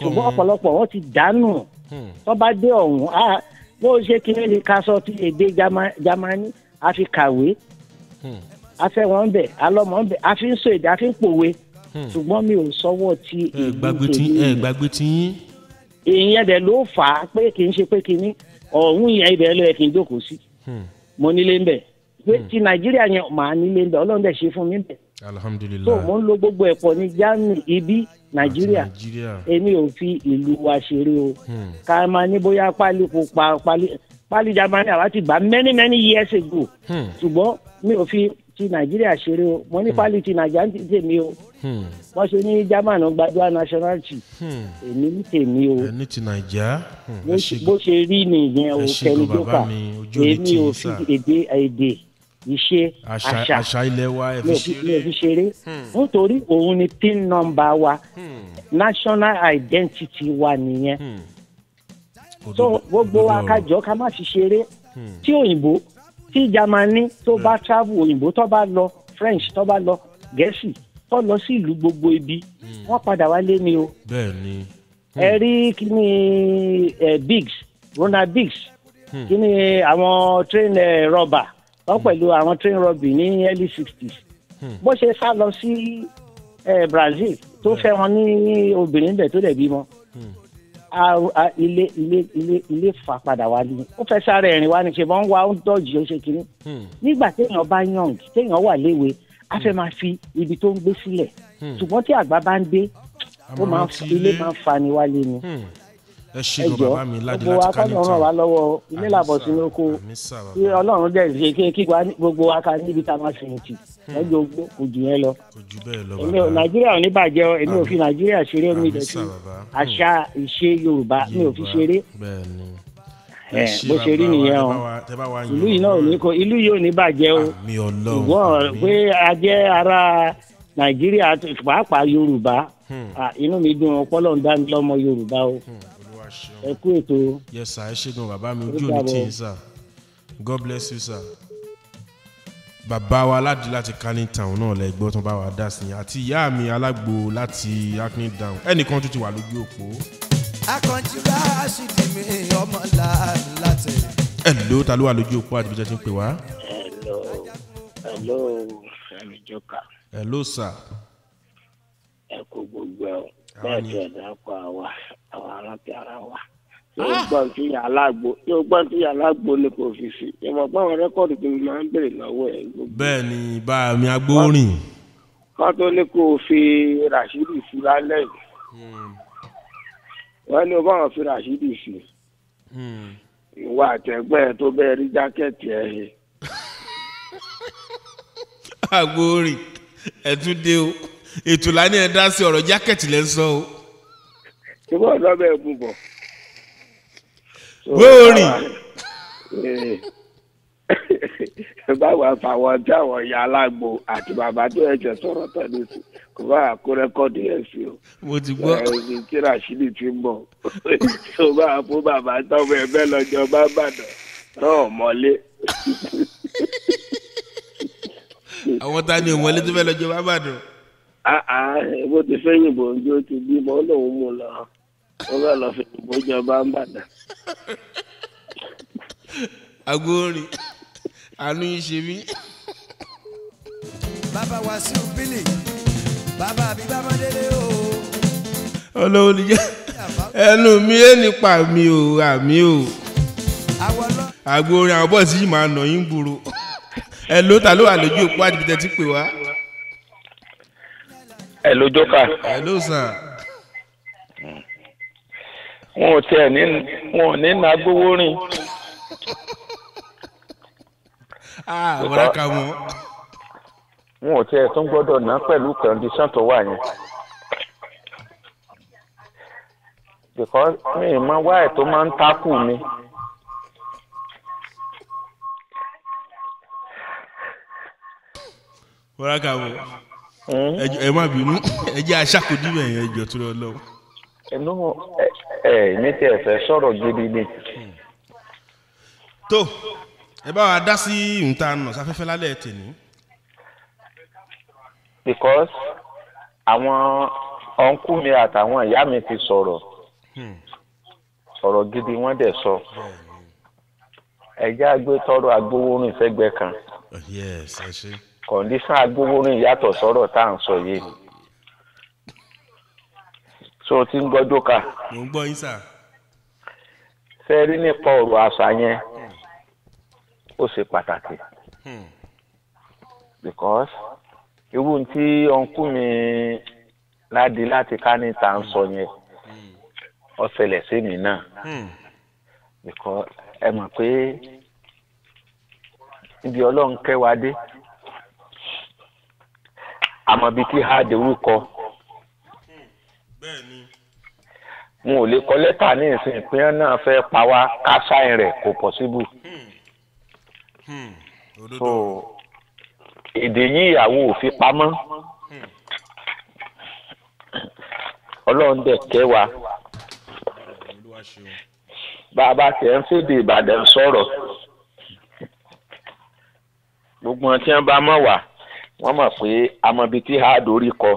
ṣùgbọ́n ọ̀pọ̀lọpọ̀ wọ́n ti dànù tó bá dé ọ̀hún bó ṣe kí ní ká sọ ti èdè jamani a fi kàwé afẹ́ wọn bẹ̀ alọ́mọ bẹ̀ a fi ń sọ èdè a fi ń pòwe hmm. ṣùgbọ́n mi ò sọ́wọ́ ti èyí tèmi ẹ gbàgbé tí yín. ìyẹn dẹ̀ ló fà á pé kì í ṣe pé kí ní ọ̀hún yẹn ibẹ̀ ló yẹ kí n jókòó sí hmm. mo nílé ń bẹ̀ pé hmm. ti nàìjíríà yẹn màá nílé ń bẹ̀ ọlọ́run dẹ̀ ṣe fún mi bẹ̀ alhamdulilayi so mo ń lo gbogbo ẹ̀pọ̀ ní germany ibi nàìjíríà èmi ò fi ìlú wa ṣeré o ká máa ní bóyá pálí pupa pálí pálí jamani àwa ti gbà many many years ago hmm. ṣùgbọ́n mi ò fi ti nàìjíríà ṣeré o mo ní hmm. pálí ti nàìjíríà ti tèmi o hmm. wọ́n ṣe ní german gbadua nationality èmi ní tèmi o ẹni ti nàìjíríà bó ṣe rí nìyẹn o kẹni jókà èmi ò fi èdè èdè ìṣe àṣà àṣà ilé wa ẹ fi ṣeré nítorí òun ni pin number wa national identity wa nìyẹn. Hmm so gbogbo akájọ ká má fi ṣeré hmm. tí òyìnbó tí Jámánì tó hmm. bá travel òyìnbó tó bá lọ French tó bá lọ Gẹ̀ẹ́sì tó lọ sí ìlú gbogbo ibi hmm. wọ́n padà wálé ni o ẹ rí kíní Biggs Ronald Biggs kíní àwọn train rọba wọ́n pẹ̀lú àwọn train rọbì ní early sixties bó ṣe sá lọ sí Brazil tó fẹ́ wọn ní obìnrin bẹ̀ tó dẹ̀ bímọ ilé ilé ilé ilé fà padà wá ní ó fẹ́ sáré ẹ̀rìn wá ní ṣe bọ́n wá ó ń dọ̀jì ó ṣe kínní hmm. nígbà téèyàn bá young téèyàn wà léwe a fẹ́ hmm. máa fi ibi tó ń gbé sílẹ̀ hmm. ṣùgbọ́n tí àgbà bá ń dé ó máa ilé máa ń fani wálé ni ẹ ṣègùn bàbá mi ládé láti ká ní ìtàn gbogbo akọ́nà wa lọ́wọ́ ilé làbọ̀ sínú oko tí ọlọ́run dẹ̀ ṣe kí kíkọ́ gbogbo aka níbi tá a máa sìn tì lọ́jọ́ hmm. ogbó kò jù yẹn lọ. kò jù bẹ́ẹ̀ lọ bàbá nàìjíríà ò ní bàjẹ́ ọ èmi ò fi nàìjíríà ṣeré mi dẹ̀ sí hmm. àṣà ìṣe yorùbá mi ò fi ṣeré bó ṣe rí nìyẹn o ìlú yìí náà ò ní kó ìlú yìí ò ní bàjẹ́ o ṣùgbọ́n pé a jẹ́ ara nàìjíríà pàápàá yorùbá hmm. inú mi dùn ọpọlọ ń dá mi lọ́mọ yorùbá o. Hmm ẹ kú ètò. yes sir ẹ ṣe gan bàbá mi ojú òní tí ń sà god bless you sir. bàbá wa aládìí láti canning town náà lẹ gbọ́ tán bá wa dá sí i àti ìyá mi alágbo láti acne down ẹnìkan tún ti wà lójú òpó. akànjí bá a ṣì dì mí ọmọ láti. ẹ ló ta ló wà lójú òpó àti bíjẹ́ ti ń pè wá. hello hello ẹ̀mí jọ́ka. hello sir. ẹ kú gbogbo ẹ̀ o bẹ́ẹ̀ tí ẹ̀dá pa àwa àwa alápẹ̀ ara wa yóò ah! gbọ́n tí alágbo yóò gbọ́n tí alágbo ni kò fi sí ìmọ̀ pé àwọn rẹ́kọ̀dù tó máa ń bèrè lọ́wọ́ ẹ̀ gbogbo. bẹ́ẹ̀ ni bá a mi agbórin. kán tó ní kó o fi Rasheedi sí lálẹ́ yìí hmm. wọ́n ní o bá wọn fi Rasheedi sí hmm. ìwà àtẹ̀gbẹ́ ẹ tó bẹ́ẹ̀ rí jákẹ́ẹ̀tì ẹ̀ he. agbórin ẹ̀ tún dé o ètò lánìí ẹ̀ dá sí ọ̀rọ̀ jákẹ́tì lẹ́ ń sọ o. ṣùgbọ́n ọ̀dọ́ bẹ́ẹ̀ gùn bọ̀. wóòrì. báwo àfàwọn tí àwọn ìyá alágbo àti bàbá tó ẹ̀jẹ̀ sọ̀rọ̀ tẹ̀lé sí kò bá àkó rẹ́kọ̀dì yẹn sí o. mo ti gbọ́. ẹ̀ẹ́dì tí rasheed ti ń bọ̀ tó bá fún bàbá tọ́mọ ẹgbẹ́ lọ́jọ́ bá bàdàn náà mọ́lé àwọn ta ni lọ́jọ́ bá bàdàn. Aa ti fẹ́yìnbó ojú ó ti bímọ ó lóun mú lọ ó bẹ́ẹ̀ lọ fẹ́yìnbó ọla, ń àánú ṣe mí. bàbá bàbá àbí o. jẹ́ ẹnu mi é mi o àmì o agbórin àwọn bọ́ọ̀sì yìí máa nọ, yín gbòòrò ẹ ló ta ló wà lójú òpó àdìbìtẹ́ ti pè wá. hello Joker. hello sir. wọn ò tiẹ̀ ní wọn ò ní na gbowó rìn. àbúrò kà mọ́. wọn ò tiẹ̀ tún gbọ́dọ̀ ná pẹ̀lú kọ́ndíṣán tó wà yẹn. because mi ì mọ wáyé tó máa ń takù mi. bọ́lá kà mọ́ ẹ má bínú ẹ jẹ́ aṣákòdì bẹ̀yẹn ẹjọ́ tó lọ. ẹ ní tí ẹ fẹ́ sọ̀rọ̀ gidi ni. tó ẹ bá wa dá sí ìta nà sáfẹ́fẹ́ lálẹ́ tèmi. because àwọn ọ̀nkú mi àtàwọn ìyá mi ti sọ̀rọ̀ hmm. ọ̀rọ̀ gidi wọ́n dẹ̀ sọ ẹ̀já gbé tọrọ agbowó kan. yes ẹ ṣe kọ̀ǹdíṣàn agbowórin yàtọ̀ sọ̀rọ̀ tá à ń sọ yìí so ti ń gbọ́ dókà. mo ń gbọ́ yín sà. ṣe rí nípa ọ̀rọ̀ àṣà yẹn ó ṣe pàtàkì hmm. because irú tí ọ̀nkú mi ládi láti ká ní ta ń sọ yẹn ó ṣẹlẹ̀ sí mi náà hmm. because ẹ mọ̀ pé ibi ọlọ́run kẹ́ dé àmọ́ bíi tí hádé orúkọ wọn ò lè kọ lẹ́tà ní ìsìn ìpínyàn náà fẹ́ pa wá ká sáìn rẹ̀ kò pọ̀síbù. Hmm. Hmm. so èdè yín ìyàwó ò fi pamọ́ hmm. ọlọ́run dẹ̀ kẹ́ wa bàbá tẹ̀ ń fèdè Ìbàdàn sọ̀rọ̀ gbogbo wọn tí bá mọ̀ wá wọ́n mọ̀ pé amọ̀bi tí a dorí kọ.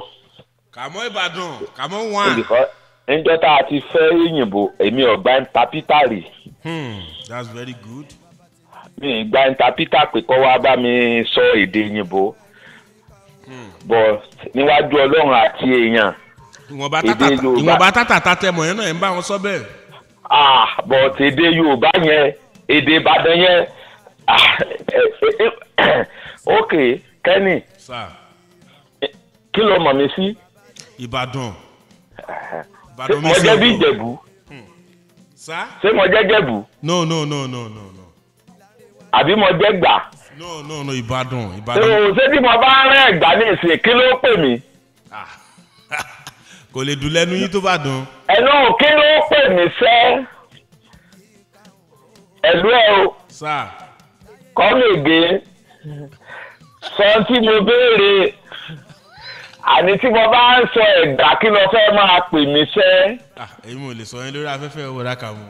kàmọ́ ìbàdàn kàmọ́ wọn. olùkọ́ níjọ́ tá a ti fẹ́ yìnbó èmi ò gba ntapítà rì. Hmm, that's very good. mi ì gba ntapítà pé kọ́ wá bá mi sọ èdè yìnbó. Hmm. bọ̀ níwájú ọlọ́run àti èèyàn. ìwọ̀nba tàtàtà tẹ yẹn náà ẹ̀ ń bá wọn sọ bẹ́ẹ̀. ah but èdè yorùbá yẹn èdè ìbàdàn yẹn ah, ok kẹ́ni sá. Eh, kí ló mọ̀ mí sí. ìbàdàn. ìbàdàn mi sọ̀rọ̀ mo jẹ́ bí ìjẹ̀bú. sá. ṣé mo jẹ́ jẹ̀bú. no no no no no. no. àbí mo jẹ́ gbà. no no no ìbàdàn ìbàdàn. ṣé o ṣé tí mo bá rẹ́ ẹ̀gbá ní ìsìn kí ló pè mí. Ah. kò lè dùn lẹ́nu yín tó bá dùn. ẹnu kí ló pè mí sẹ́ ẹ̀lú ẹ̀ o. sá. kọ́ lè gé sọ tí mo béèrè àní tí mo bá ń sọ ẹ̀dá kí lọ fẹ́ máa pè mí sẹ́. èyí mo lè sọ yín lórí afẹ́fẹ́ owó rákà mu.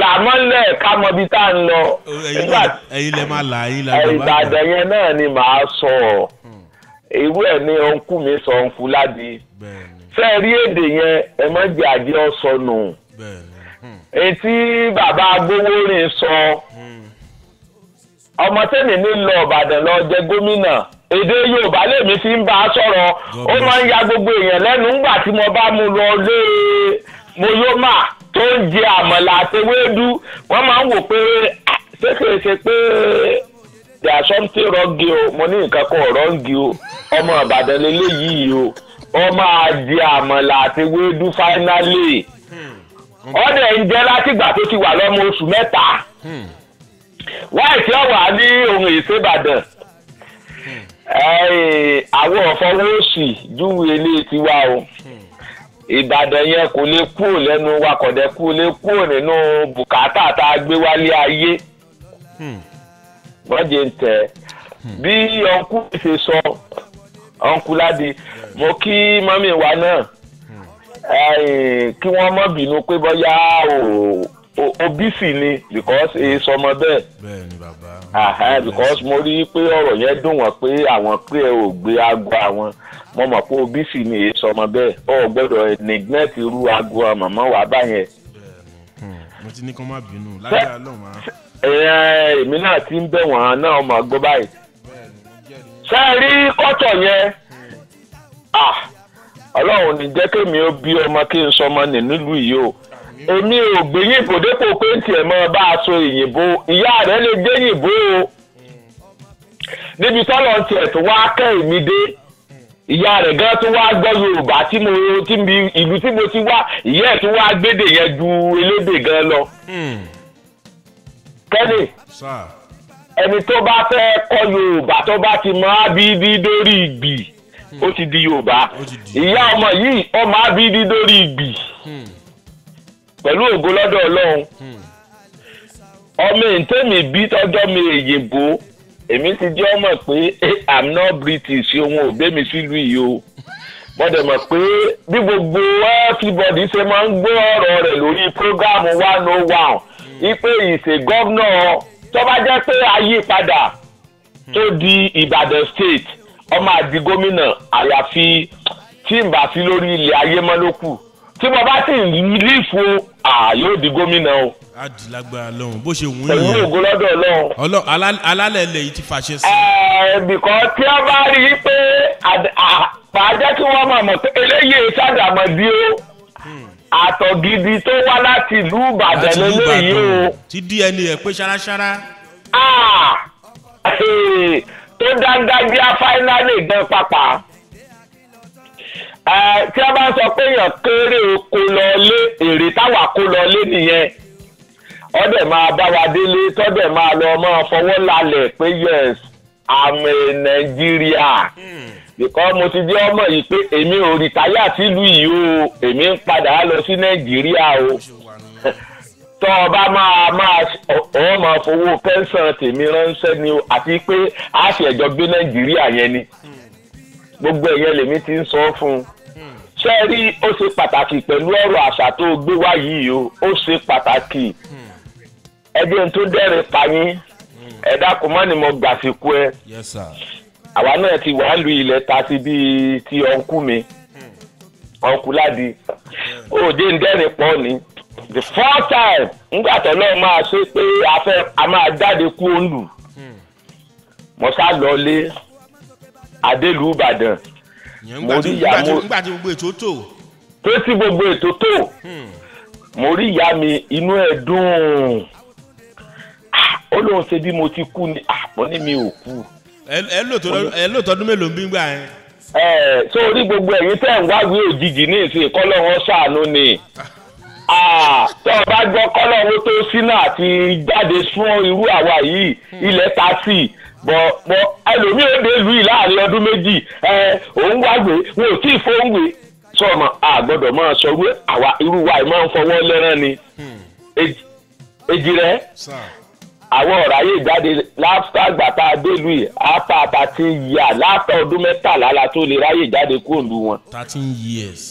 làmọ́lẹ̀ ká mọ ibi tá à ń lọ. ẹyin lè máa là yín lágbàá. ìbàdàn yẹn náà ni màá sọ ewu ẹ̀ ní ọ̀nkú mi sọ ọ̀nkú ládi fẹ́ rí èdè yẹn ẹ má jẹ́ àjẹ́ ọ̀sọ̀nù. Hmm. etí bàbá agbowórin sọ. So. Hmm. ọmọ tẹ́mi ní lọ lọ jẹ gómìnà èdè Yorùbá lèmi fi ń bá a sọ̀rọ̀ ó máa ya gbogbo èèyàn lẹ́nu ńgbà tí mo bá mu lọ lé moyoma tó ń jẹ àtẹwédú wọ́n máa ń wò pé ah, pé o mo ní nǹkan kan wrong o ọmọ Ìbàdàn lélẹ́yìí o ó máa jẹ àmàlà àtẹwédú finally ọ̀dẹ̀ hmm. ń jẹ́ látìgbà tó ti wà lọ́mọ hmm. wáìtì ọ̀wà ní ohun èso ìbàdàn àwọn ọ̀fọwọ́sì júwe ilé tiwa o ìbàdàn yẹn kò lè kúrò lẹ́nu wa kò dẹ̀ kú lè kúrò nínú bùkátà tá a gbé wálé ayé wọ́n jẹ́ ń tẹ̀ bí ọ̀nkú ṣe sọ ọ̀nkú ládi mo kí mọ́mì wa náà kí wọ́n má bínú pé bọ́yá o. òbí sì ni because èyí sọmọ bẹẹ. bẹ́ẹ̀ni because mo rí i pé ọrọ yẹn dùn wọ́n pé àwọn pé ẹ ò gbé aago àwọn mo mọ̀ pé òbí sì ni èyí sọmọ bẹẹ. ọ gbọ́dọ̀ neglect irú aago màmá wa báyẹn. Hmm. mo ti ní kó má bínú lábẹ́ àlọ́ wọn. èmi náà ti ń bẹ̀ wọ́n náà mà gbọ́ báyìí. ṣé ẹ rí kọ́tọ̀ yẹn hmm. ah, ọlọ́run ní jẹ́ kémi ó bí ọmọ kí n sọmọ nínú ìlú yìí o. èmi ò gbé yìnbó dépò pé ń tiẹ̀ mọ́ bá a so ìyìnbó ìyá rẹ̀ lè gbé yìnbó o níbi tọ́lọ̀ ń tiẹ̀ tó wá kẹ́ èmi dé ìyá rẹ̀ gan tó wá gbọ́ yorùbá tí mo ti mi ìlú tí mo ti wá ìyá ẹ̀ tó wá gbédè yẹn ju elédè gan lọ. Hmm. kẹ́lì ẹni tó bá fẹ́ kọ́ yorùbá tó bá ti mọ ábídí dórí ìgbì hmm. ó ti di yorùbá ìyá ọmọ yìí ọmọ ábídí dórí ìgbì. Hmm pẹ̀lú ògo lọ́dọ̀ ọlọ́run hmm. ọmọ ìtẹ́mi bí tọ́jọ́ mi èyìnbó èmi ti jẹ́ ọmọ pé i'm not british ohun òbí mi sílùú yìí o mo dẹ̀ mọ̀ pé bí gbogbo everybody ṣe máa ń gbọ́ ọ̀rọ̀ rẹ̀ lórí program one oh one ipe ìṣe gọ́vnà tó bá jẹ́ pé àyípadà hmm. tó di ìbàdàn state ọmọ àdí gómìnà àyàfi tí n bá sí lórí ilẹ̀ ayé mọ́ ló kù tí mo bá sì ń lífo à yóò di gómìnà o. a di lágbára lọ́hùn bó ṣe wù ú yẹn. pẹ̀lú ògo lọ́dọ̀ lọ́hùn. ọlọ alálẹ̀ ilẹ̀ yìí ti fàṣẹ sí. ẹ bìkọ́ tí a bá rí i pé àpàjẹ́ kí wọ́n máa mọ̀ pé eléyìí e ṣàdàmọ̀dì o hmm. àtọ̀ gidi tó wá láti ìlú Ìbàdàn lélẹ́yìí o. ti DNA ẹ pé ṣáráṣárá. tó dáńgájíá fáínálì gan pàpà tí a bá sọ pé èèyàn kéré kó lọ lé èrè táwa kó lọ lé nìyẹn ọdẹ máa bá wa délé tọdẹ máa lọ máa fọwọ́ lálẹ̀ pé yes àmì nàìjíríà because mo ti jẹ́ ọmọ yìí pé èmi ò rìtáyà sílùú yìí o èmi ń padà lọ sí nàìjíríà o tọ́ ọ bá máa máa ọ máa fowó pẹ́ńsàn tèmi ránṣẹ́ ni o àti pé a ṣẹ̀jọ gbé nàìjíríà yẹn ni. Mm gbogbo ẹ̀yẹn lèmi ti ń sọ fún un ṣé rí ó ṣe pàtàkì pẹ̀lú ọ̀rọ̀ àṣà tó gbé wá yìí o ó ṣe pàtàkì ẹjẹ́ ń tó dẹ́rìn payín ẹ̀dá kò mọ́ ni mo gbà fi kú ẹ àwa náà ti wà lu ilẹ̀ ta ti bíi ti ọ̀nkú mi ọ̀nkú ládi òde ń dẹ́rìn pọ̀ ni the first time ngbà tó náà máa ṣe pé a máa jáde kú òǹlù mo sá lọ lé adélu ìbàdàn mo rí ìyá mo nígbà tí gbogbo ètò tò. tó sì gbogbo ètò tò hmm. mo rí ìyá mi inú ẹ̀ dùn ah, ó lóun ṣe bí mo ti kú ni àpọ́ ah, ní mi ò kú. ẹ lóòótọ́ ọdún mélòó ń bí gbà yẹn ẹ so orí gbogbo ẹ̀yin tẹ́ ń wáwí òjijì ní ìsìn kọ́lọ́run ṣàánú ni ah. tọ́ ọ bá gbọ́ kọ́lọ́run tó sínú àti jáde fún irú àwa yìí hmm. ilẹ̀ ta sí bọ bọ ẹlòmíì ó dé ìlú yìí láàrin ọdún méjì ẹ òun wá gbé wọn ò tí ì fóun gbé sọmọ àgbọ́dọ̀ máa sọ wé àwa irú wa ẹ máa ń fọwọ́ lẹ́rán ni èjì rẹ àwọn ọ̀rọ̀ ayé ìjáde láfíà àgbà tá a dé ìlú thirteen years láfíà ọdún mẹ́tàlá la tó lè ráyè ìjáde kúrò ìlú wọn. thirteen years.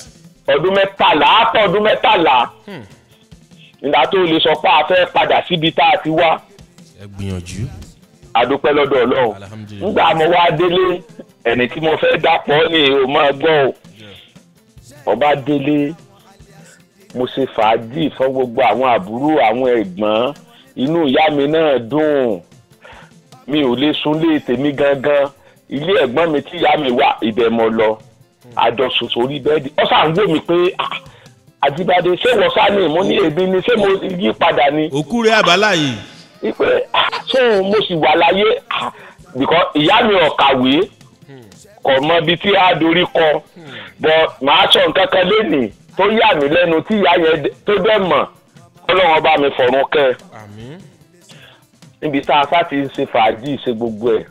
ọdún mẹ́tàlá apá ọdún mẹ́tàlá nígbà hmm. tó lè sọ pé a fẹ́ padà síbi tá a ti wá. ẹ gbìyànjú adúpẹ́ lọ́dọ̀ ọlọ́run nígbà mo wá délé ẹni tí mo fẹ́ dàpọ̀ ni o máa gbọ́ o ọba délé mo ṣe fàájì fún gbogbo àwọn àbúrò àwọn ẹ̀gbọ́n inú ìyá mi náà dùn mi ò lè súnlé tèmi gangan ilé ẹ̀gbọ́n mi tí ìyá mi wà ibẹ̀ mo lọ àjọsùn sórí bẹ́ẹ̀dì ọ̀sà ń wò mí pé àjíbádé ṣé wọ́n sá ni mo ní èmi ni ṣé mo yí padà ni. òkúrẹ́ àbáláyé wípé sóun mo sì wà láyé ah, because ìyá mi ò kàwé kò mọ ibi tí a dorí kọ but màá sọ nǹkan kan lénìí tó yà mí lẹ́nu tí ìyá yẹn tó dẹ̀ mọ̀ ọlọ́run ọba mi fọ̀run kẹ́ ẹ níbi tá a sá ti ń ṣe fàájì ṣe gbogbo ẹ̀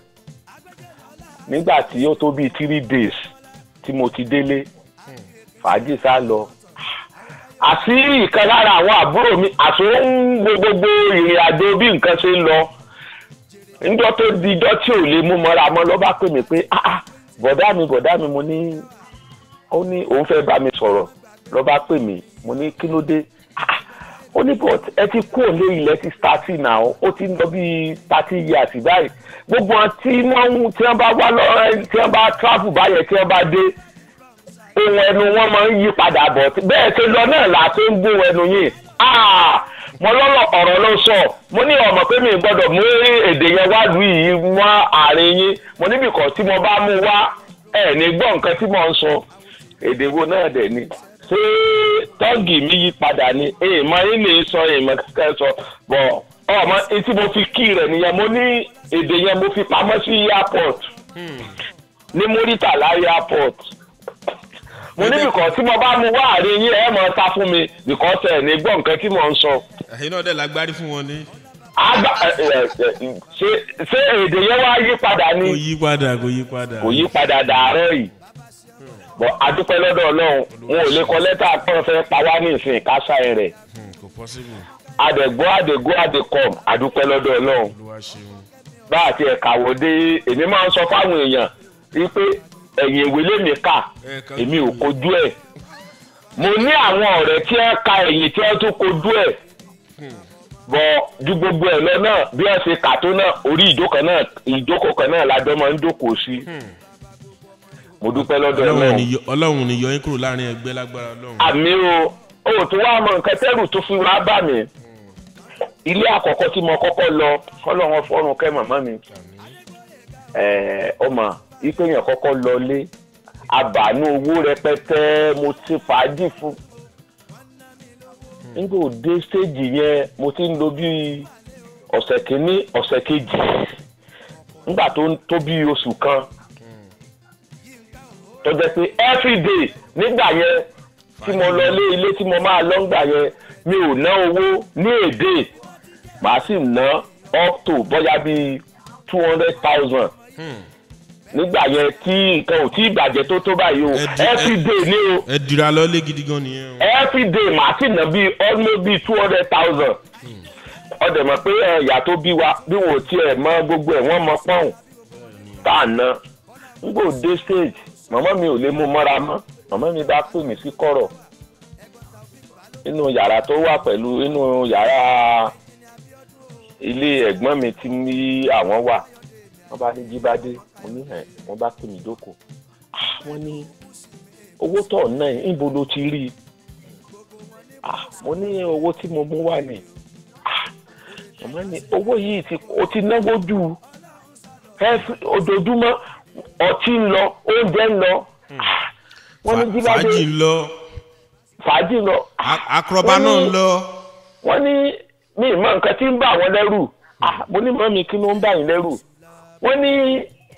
nígbà tí ó tó bíi three days tí mo ti délé fàájì sá lọ àti ìkan lára àwọn àbúrò mi àti ó ń wo gbogbo ìrìn àjò bí nǹkan ṣe ń lọ níjọ́ tó di ijọ́ tí ò lè mú mọ́ra mọ́ ló bá pè mí pé ah ah bọ̀dá mi bọ̀dá mi mo ní ó ní òun fẹ́ bá mi sọ̀rọ̀ ló bá pè mí mo ní kí ló dé ah, ah. ó ní but ẹ ti kú òun lé ilẹ̀ ti starty now ó ti ń lọ bí thirty years báyìí gbogbo àwọn tí wọ́n bá wá lọ́rẹ́ tí wọ́n bá travel báyẹn tí wọ́n bá dé ohun ẹnu wọn máa ń yí padà bọ̀ bẹ́ẹ̀ ṣe lọ náà là tó ń bú ẹnu yìí ah! mo lọ́lọ́ ọ̀rọ̀ ló sọ mo ní ọmọ pé mi gbọ́dọ̀ mú èdè yẹn wá lu yìí mọ́ àárín yín mo níbi kan tí mo bá mú wá ẹ̀ ní gbọ́ nǹkan tí mo ń sọ èdè wo náà dẹ̀ ni ṣé tọ́gì mi yí padà ni èèmọ̀ yín lè sọ èèmọ̀ kíkẹ́ sọ bọ̀ ọmọ etí mo fi kí rẹ̀ nìyẹn mo ní èdè yẹn mo fi pamọ́ sí airport hmm. ní Muritala airport mo ní bìkọ́ tí mo bá mu wá àárín yín ẹ̀ mọ̀ ta fún mi bìkọ́ tẹ̀ ní gbọ́ nǹkan tí mò ń sọ. ẹ̀yin náà dẹ̀ lágbárí fún wọn ni. ṣé èdè yẹn wá yí padà ni. kò yí padà kò yí padà. kò yí padà dàárọ̀ yìí. bọ̀ adúpẹ́ lọ́dọ̀ ọlọ́run wọn ò lè kọ lẹ́tà pọ́n fẹ́ ní ìsìn kásá ẹ̀ rẹ̀. Hmm, kò pọ́sibú. adẹ̀gbọ́ adẹ̀gbọ́ adẹ̀kọ̀m adúpẹ́ lọ́dọ̀ ọlọ́run. bá àti ẹ̀ka wò dé èmi máa ń sọ fáwọn èèyàn wípé ẹ̀yìn ìwé lèmi kà èmi ò kojú ẹ̀ mo ní àwọn ọ̀rẹ́ tí ẹ ka ẹ̀yìn tí ẹ tún kojú ẹ̀ hmm. bọ ju gbogbo ẹ̀ lọ náà bí ẹ ṣe kà tó náà orí ìjókòó náà ìjókòó kan náà lájọ máa ń jókòó sí hmm. mo dúpẹ́ lọ́dọ̀ Ọlọ́run Ọlọ́run ni yọ yín kúrò láàrin ẹgbẹ́ lágbára Ọlọ́run. àmì o o tún wá mọ nǹkan tẹ́rù tó fi wá bà mí hmm. ilé àkọ́kọ́ tí mo kọ́kọ́ lọ Ọlọ́run fọ́run kẹ́ màmá mi ọmọ. Eh, wípé èèyàn kọ́kọ́ lọlé àbànú owó rẹpẹtẹ mo ti fàájì fún nígbà òde stéèjì yẹn mo ti ń lo bíi ọ̀sẹ̀ kìíní ọ̀sẹ̀ kejì nígbà tó ń tó bíi oṣù kan tó jẹ́ pé everyday nígbà yẹn tí mo lọ lé ilé tí mo máa lọ ńgbà yẹn mi ò ná owó ní èdè màá sì ná up to bóyá bíi two hundred thousand. Hmm nígbà yẹn tí nǹkan ò tí ì bàjẹ́ tó tó báyìí o everyday ni o. ẹ dira lọ́lé gidi gan nìyẹn everyday màá sì ná bíi almost bíi two hundred thousand. Hmm. ọdẹ mọ̀ pé ẹ̀yà tó bí wa bí wọn ò tiẹ̀ mọ gbogbo ẹ̀ wọ́n mọ pọ́ùn tá à ná. n kò dé stage màmá mi ò lè mú mọ́ra mọ́ màmá mi bá pè mí sí kọ̀rọ̀ inú yàrá tó wà pẹ̀lú inú yàrá ilé ẹ̀gbọ́n mi tí àwọn wà wọ́n bá ní jí bá dé. mo eh, wọ́n bá pè mí jókòó ah, wọ́n ní owó tọ̀ náà ló ti rí ah, mo ní owó tí mo mú wá ni ah, màmá ní owó yìí ti o ti náwó ju ojoojúmọ́ ọtí ń lọ oúnjẹ ń lọ hmm. wọ́n ní ní mi ìmọ̀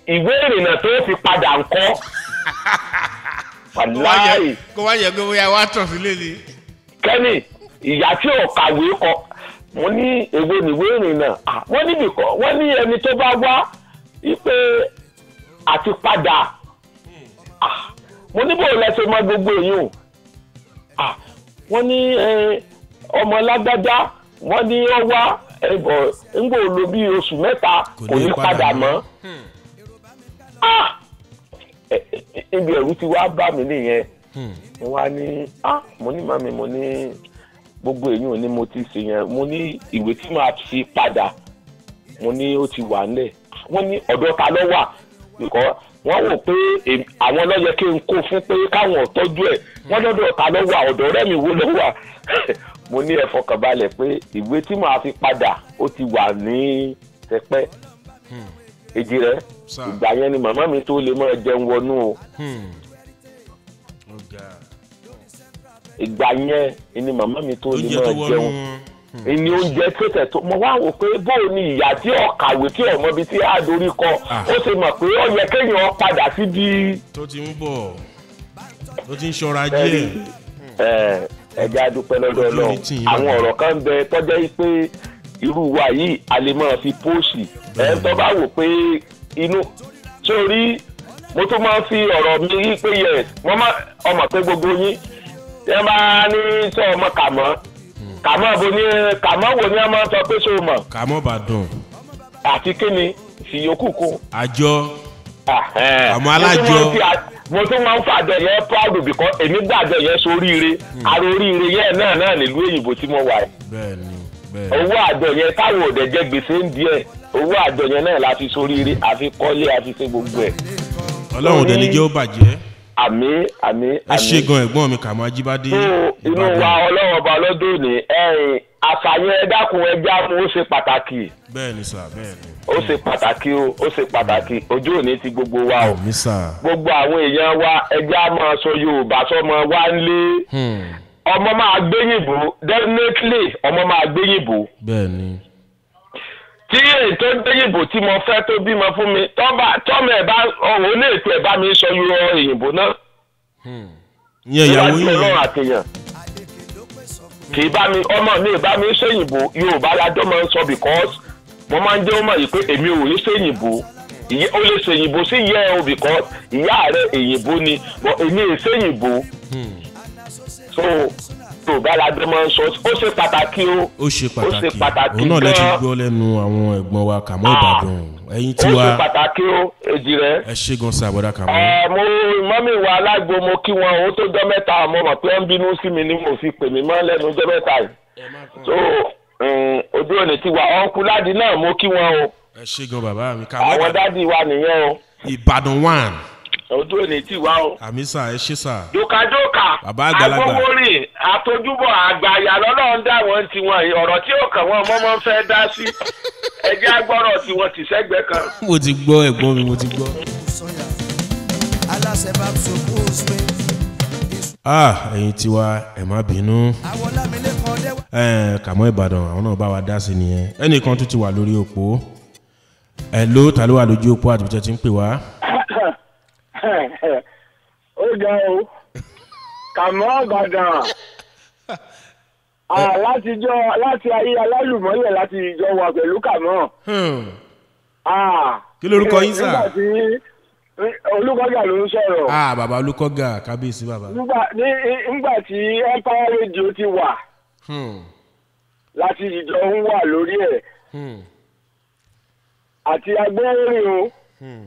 ìwé ìrìnnà tó fi padà ń kọ́ wàláyé. kó wá yẹ kó wá tọ̀ sílé ni. kẹ́ni ìyá tí ò kàwé kọ mo ní èwo níwé ìrìnnà ah, wọ́n níbì kọ́ wọ́n ní ẹni tó bá wá wípé àti padà hmm. ah, mo níbò lẹ́sẹ̀ mọ́ gbogbo èyí o ah, wọ́n ní ọmọ lágbájá wọ́n ní ọ wá ẹ̀bọ̀ ńgbò lo bí oṣù mẹ́ta kò ní padà mọ́. Hmm. Ah! Eh, eh, eh, ibi ẹ̀rù ti wá bà mí nìyẹn hmm. mo wá ní ah, mo ní màmí mo ní gbogbo èyí ò ní mo ti ṣe yẹn mo ní ìwé tí màá fi padà mo ní ó ti wà nílẹ̀ wọ́n ní ọ̀dọ̀ ta ló wà nìkọ́ wọ́n wò pé àwọn ló yẹ kí n kó fún pé káwọn tọ́jú ẹ̀ wọ́n lọ́dọ̀ ta ló wà ọ̀dọ̀ ọ̀rẹ́ mi wo ló wà mo ní ẹ fọkàn balẹ̀ pé ìwé tí màá fi padà ó ti wà ní tẹpẹ́ hmm. èjì rẹ̀ ìgbà yẹn ni màmá mi tó lè máa jẹun wọnú o hmm. ìgbà yẹn ni màmá mi tó lè máa jẹun hmm. ìní oúnjẹ tètè tó mọ wá wò pé bóun ni ìyá tí ó kàwé tí ọmọ ibi tí á dorí kọ ah. ó ṣe mọ̀ pé ó yẹ kéèyàn padà sí bí. tó ti ń bọ̀ tó ti ń ṣọra díẹ̀. ẹ ẹ lọ́dọ̀ náà àwọn ọ̀rọ̀ kan bẹ tọ́jẹ́ pé irú wa yìí a lè máa fi póòsì ẹ̀ tó bá wò pé inú sórí mo tún máa ń fi ọ̀rọ̀ mi rí pé yes wọ́n má ọmọ pé gbogbo yín ẹ máa ní sọ ọmọ kàmọ́ kàmọ́ bo ní kàmọ́ wo ni a máa sọ pé so mọ̀. kàmọ́ bàdàn. àti kíni fìyókù kù. àjọ àmọ́ alájọ mo tún máa ń fàjọ yẹn proud because èmi gbàjọ yẹn soríire ara hmm. oríire yẹn náà náà nílùú èyìnbó tí mo wà yìí owó àjọ yẹn táwọn gbèsè ń owó àjọyẹn náà la fi soríire a fi kọ́lé a fi ṣe gbogbo ẹ̀. ọlọ́run dẹ̀ ní jẹ́ ó bàjẹ́. àmì àmì àmì. ẹ ṣe gan ẹ̀gbọ́n mi kàmú ajíbádé. inú wa ọlọ́run ọba ọlọ́dún ni ẹ̀yìn àṣàyàn ẹ dákun ẹ jáàmù ó ṣe pàtàkì. bẹ́ẹ̀ni sà bẹ́ẹ̀ni. ó ṣe pàtàkì o ó ṣe pàtàkì ojú òní ti gbogbo wa o. àmì sà. gbogbo àwọn èèyàn wa ẹjẹ́ á máa sọ yorùbá sọmọ wa ń lé. Hmm. ọmọ máa gbé yìnbó definitely ọmọ máa gbé yìnbó. bẹ́ẹ̀ni tí ètò ìyìnbó tí mo fẹ́ tó bímọ fún mi tọ́mọ ẹ̀ bá ọ̀hún ó lè ẹ̀ bá mi sọ yúrọ ìyìnbó náà. Hmm. ìyẹn ìyàwó yìí ló rà kéèyàn kì í bá mi ọmọ mi bá mi sẹ́yìnbó yorùbá lájọ́ máa ń sọ because mo máa ń jẹ́ ọmọ yìí pé èmi ò lè sẹ́yìnbó o lè sẹ́yìnbó sí yẹ o because ìyá rẹ̀ èyìnbó ni but èmi è sẹ́yìnbó hmm. so yorùbá la gbé máa ń sọ ó ṣe pàtàkì o. ó ṣe pàtàkì gan. òun náà lè ti gbọ́ lẹ́nu àwọn ẹ̀gbọ́n wa Kàmọ́ ah, Ìbàdàn ẹ̀yin tí wa ó ṣe pàtàkì o èjì rẹ. ẹ ṣe gan sa àbọ̀dá Kàmọ́. Eh, mo mọ́mí wa alágbo mo kí wọn ó tó jọ mẹ́ta mo mọ̀ pé ń bínú sí mi ni mo fi pè mí mọ́ lẹ́nu jọ mẹ́ta yìí. so mm, ojú òní ti wa ọ̀nkú ládìí náà mo kí wọn o. ẹ ṣe gan bàbá mi Kàmọ́ Ìbàdàn àwọn dádì wa nìyẹn o. Ìbàdàn one ojú ò ní tì wá o. àmì sà ẹ ṣe sà. dòkàdòkà bàbá àgbàlagbà agbóhórìn àtojúbọ àgbàyà lọ́lọ́run dá wọn ti yìí ọ̀rọ̀ tí òkàn wọn mọ́mọ́ fẹ́ dá sí ẹjẹ́ agbọ́rọ̀ tí ti sẹ́gbẹ́ kan. mo ti gbọ́ ẹ̀gbọ́n mi mo ti gbọ́. ah ẹ̀yin tiwa ẹ má bínú kàmọ́ ìbàdàn àwọn náà bá wa dá sí nìyẹn ẹnìkan tún ti wà lórí òpó ẹ̀ ló ta ló wà lójú òpó àti bí tẹ́ ti ń pè wá ó jẹ́ o kàmọ́ ọ̀bàdàn látijọ́ láti ayé alálùmọ́lẹ̀ láti ìjọ wa pẹ̀lú kàmọ́. Hmm. kí lorúkọ yín sà. nígbà tí olùkọ́gà ló ń sọ̀rọ̀. bàbá olùkọ́gà kábíyèsí Baba, nígbà tí empire radio ti wà hmm. láti ìjọ ń wà lórí ẹ̀ hmm. àti agbóhùn o. Hmm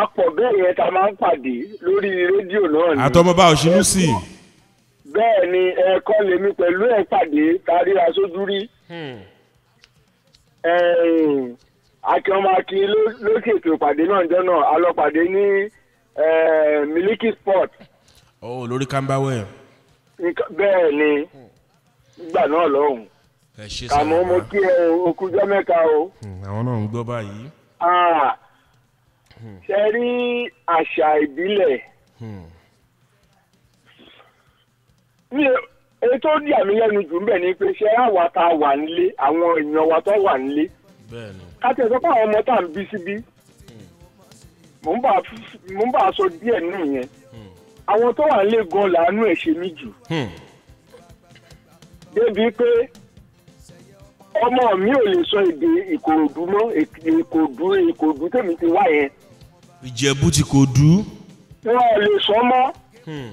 apọ̀ bẹ́ẹ̀ yẹn ta máa ń pàdé lórí rédíò náà ni. àtọmọba òṣìlú sí. bẹ́ẹ̀ ni ẹ̀ẹ̀kan lèmi pẹ̀lú ẹ̀ pàdé tari aṣojú rí. Hmm. akínọmọ akin ló ṣètò ìpàdé náà jọ náà a lọ ní miliki sport. ó lórí kámbáwẹ̀. bẹ́ẹ̀ ni gbà náà lọ́hùn. ẹ ṣe sọ wọn. mo kí ẹ o okùnjọ́ mẹ́ta o. Hmm, àwọn náà ń gbọ́ báyìí. Ah, ṣe rí àṣà ìbílẹ̀ ní hmm. èyí tó dì àmì lẹ́nu jù ń bẹ̀ ni pé ṣe àwa tá a wà nílé àwọn èèyàn wa tó wà nílé ká tẹ̀ sọ́pọ̀ àwọn ọmọ tá à ń bí síbí mò ń bá a sọ díẹ̀ nínú yẹn hmm. àwọn tó wà nílé gan làánú ẹ̀ ṣe mí jù hmm. débi pé ọmọ mi ò lè sọ èdè ìkòròdú mọ́ èkòròdú èkòròdú tèmi ti wá yẹn ìjẹ̀bú ti kò dú. wọn ò lè sọ mọ́. Hmm.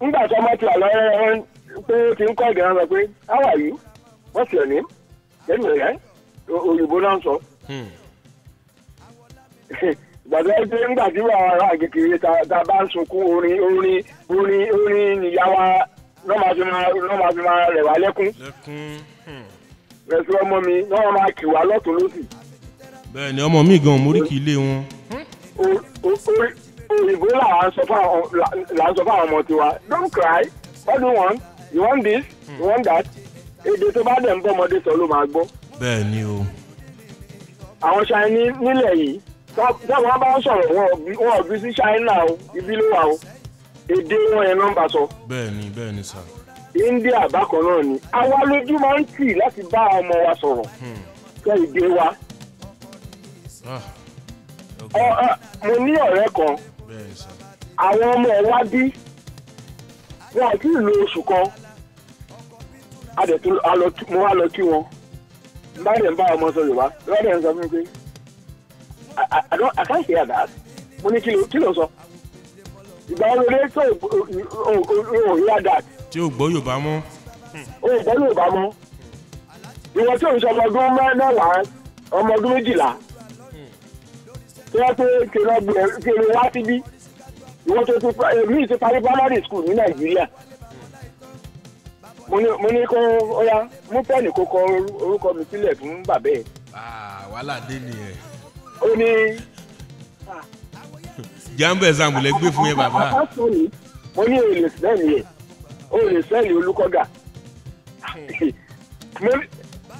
nígbà tí ọmọ ti wà lọ́wọ́ pé ó ti ń kọ́ ìgbà wọn pé how are you what's your name lẹ́nu rẹ̀ òyìnbó náà ń sọ. Hmm. gbàdúrà pé nígbà tí wàá ara kékeré ta bá ń sunkún orin orin orin orin níyàwó lọ́mọ fi máa rẹ̀ wá lẹ́kún. Hmm. rẹ̀ sí ọmọ mi lọ́wọ́ máa kì wá lọ́tún lọ́sì bẹ́ẹ̀ ni ọmọ mi gan moríkì ilé wọn. òyìnbó là ń sọ fáwọn ọmọ tiwa don't cry what do you want you want this you want that èdè tó bá dẹ̀ ń bọ́ ọmọdé sọ ló máa gbọ́. bẹ́ẹ̀ ni o. àwọn ṣáínì nílẹ̀ yìí táwọn bá ń sọ̀rọ̀ wọn ò bí sí ṣáínà o ibi ló wà o èdè wọn yẹn nọ́mbà sọ. bẹ́ẹ̀ ni bẹ́ẹ̀ ni sà. india bákan náà ni àwa lójú máa ń tì láti bá ọmọ wa sọ̀rọ̀ sọ hmm. èdè wa. Ah, mo ní ọ̀rẹ́ kan àwọn ọmọ wa bí wọn àti ìlú oṣù kan mo wá lọ kí wọn bá dẹ̀ ń bá ọmọ sọ Yorùbá lọ́dẹ̀ ń sọ fún mi pé I can't hear that mo ní kí ló sọ ìgbà wo lè tó ò hear that. tí o gbọ́ Yorùbá mọ́. o gbọ́ Yorùbá mọ́ ìwọ tí o ń sọ ọmọ ọdún mẹ́rẹ̀ẹ́lá ọmọ ọdún méjìlá tó yẹ pé kèrè ọgbẹ kèrè wá síbí ìwọ́n tó ti èmi ti parí primary school ní nàìjíríà mo ní kó ọyá mú pẹ́ẹ́nì kó kọ orúkọ mi sílẹ̀ fún bàbá ẹ̀. Ah, wàhálà dé nìyẹn. ó ní. jambo exam lè gbé fún yẹn bàbá. mo ní èlé sẹ́ẹ̀lì yẹn èlé sẹ́ẹ̀lì olùkọ́gà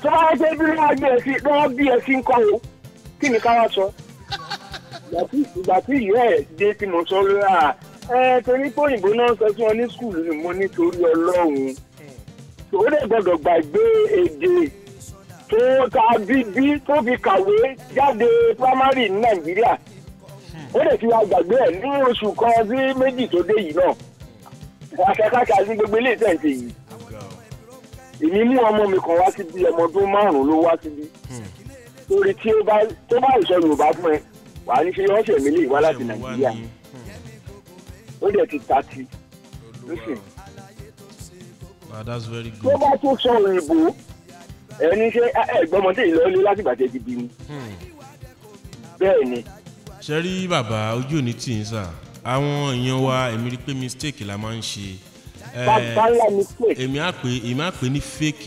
tó bá wá jẹ́ bí wọ́n gbé ẹ sí ń kọ́ o kí ni ká wá sọ ìgbà tí ìyá ẹ̀ dé tí mo sọ lórí à ah, ẹ torí pé òyìnbó náà sọ fún ọ ní skul ni mo nítorí ọlọ́run hmm. ó lè gbọ́dọ̀ gbàgbé èdè tó ta bíbí tó fi kàwé jáde primary ní nàìjíríà hmm. ó lè fi àgbàgbé ẹ̀ ní oṣù kan sí méjì tó dé yìí náà àṣàkáṣà sí gbogbo ilé ìtẹ̀sí yìí èmi mú ọmọ mi kan wá síbi ọmọ ọdún márùn-ún ló wá síbi hmm. torí tí ó bá ìsọ yorùbá fún ẹ wà á ní ṣe ọ̀sẹ̀ mi lè wá láti nàìjíríà ó dẹ̀ ti ta ti lóṣù. tó bá tún sọ̀rọ̀ ìbò ẹni ṣe ẹ̀gbọ́mọdé ìlọrin láti bàjẹ́ gidi ni bẹ́ẹ̀ ni. ṣe rí bàbá ojú òní tì í sà àwọn èèyàn wa èmi rí pé mistake la máa ń ṣe èmi á ní fake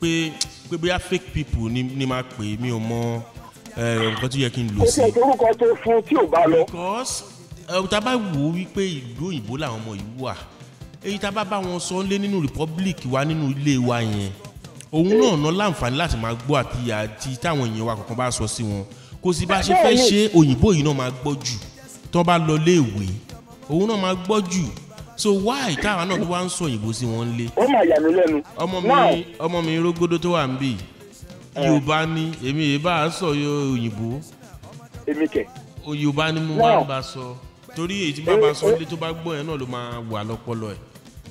pé bóyá fake people ni máa pè mí ò mọ nǹkan tó yẹ kí n lò sí. ó kọ orúkọ tó fún tí ò bá lọ. because tá a bá wò ó wípé ìlú òyìnbó làwọn ọmọ yìí wà èyí tá a bá bá wọn sọ lé nínú republic wa nínú ilé wa yẹn òun náà ná láǹfààní láti máa gbọ́ àti àti táwọn èèyàn wa kọ̀ọ̀kan bá sọ sí wọn kò sí bá ṣe fẹ́ ṣe òyìnbó yìí náà máa gbọ́ jù tó bá lọ léèwé òun náà máa gbọ́ jù so why táwa náà tó wá ń sọ òyìnbó sí wọn lé. ó mà yà mí lẹ́nu. ọmọ mi ọmọ mi rógódó tó wà ń bì yìí yorùbá ni èmi yìí bá a sọ yóò òyìnbó. èmi kẹ. yorùbá ni mo máa ń bá sọ torí èyí tí bàbá sọ ilé eh, tó bá gbọ́ yẹn náà ló máa wà lọ́pọlọ ẹ̀.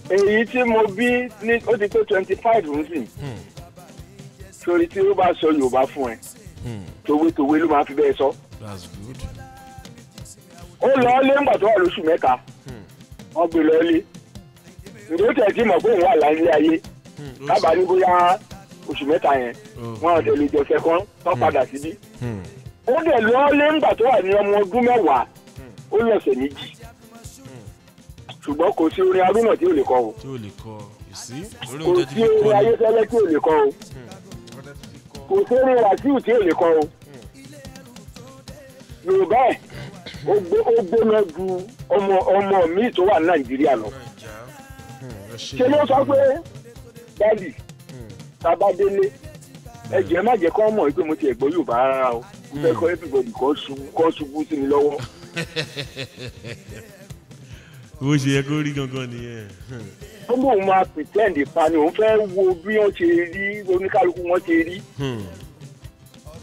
èyí tí mo bí ní ó ti tó twenty five nsìn hmm. torí tí ó bá sọ yorùbá fún ẹ hmm. tòwétòwé ló máa fi bẹ́ẹ̀ sọ. that's good. ó lọ ilé ńgbà tó wà lóṣù mẹ́ta hmm. wọ́n gbé lọ ilé ǹdó tẹ̀ sí mọ̀ pé òun wà láyé ayé kábàá ní bóyá oṣù mẹ́ta yẹn mm. wọn ò dẹ̀ lè jọ ṣẹ́ kan wọ́n padà mm. síbí. ó mm. dẹ̀ lọ lé ńgbà tó wà ní ọmọ ọdún mẹ́wàá ó lọ̀sẹ̀ méjì ṣùgbọ́n kò sí orin arúnà tí ò lè kọ o kò sí orin ayéfẹ́lẹ́ tí ò lè kọ o kò sí orin wàsíù tí ò lè kọ o yorùbá ẹ̀ ó gbóná ju ọmọ ọmọ míì tó wà ní nàìjíríà lọ ṣe ló sọ pé dálì Babadele ẹ jẹ́ má jẹ́ kó mọ̀ pé mo ti ẹ̀gbọ́ Yorùbá rárá o mo fẹ́ hmm. kọ́ everybody kọ́ ṣubú sí mi lọ́wọ́. bó ṣe yẹ kó rí gangan nìyẹn. ó lóun máa pretend pa ni òun fẹ́ wo bí wọ́n ṣe rí oníkálukú wọn ṣe rí. Hmm.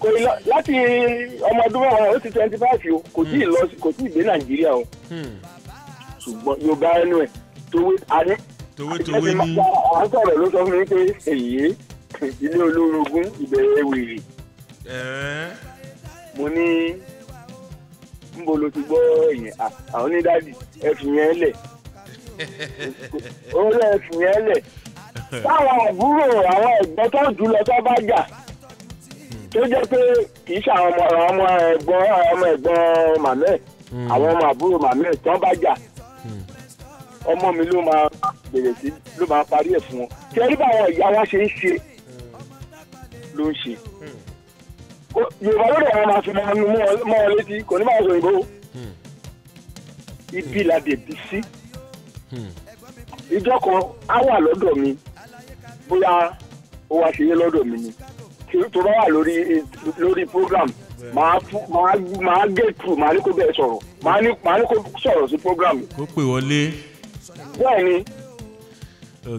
kò ní láti ọmọ ọdún mẹ́wàá ó ti twenty five o kò tí ì hmm. lọ kò tí ì dé Nàìjíríà o ṣùgbọ́n Yorùbá ẹnu ẹ̀ towé towé ní. àwọn sọ̀rọ̀ ló sọ fún mi pé èyí ilé olórogún ìbẹ̀rẹ̀ wèrè. mo ní nbo ló ti gbọ́ yẹn àwọn onídàájì ẹ fi yẹn lẹ̀ ó lẹ̀ fi yẹn lẹ̀ táwọn àbúrò àwọn ẹ̀gbọ́n tó jù lọ tó bá jà tó jẹ́ pé kì í ṣe àwọn ọmọ ọmọ ẹ̀gbọ́n ọmọ ẹ̀gbọ́n màmẹ́ hmm. àwọn ọmọ àbúrò màmẹ́ tó bá jà hmm. ọmọ mi ló máa bẹ̀rẹ̀ sí ló máa parí ẹ̀ fún wọn. ṣé rí báwọn ìyá wa ṣe ń ṣe ló ń ṣe. yorùbá ló dẹ̀ wọn máa fi máa nu mọ́ ọ létí kò ní máa sọ òyìnbó. ibi ládé bí sí. ìjọ kan á wà lọ́dọ̀ mi bóyá ó wá ṣe yé lọ́dọ̀ mi ni tó bá wà lórí lórí program màá màá get through màá ní kó bẹ́ẹ̀ sọ̀rọ̀ màá ní màá ní kó sọ̀rọ̀ sí program. ó pè wọlé. bẹ́ẹ̀ ni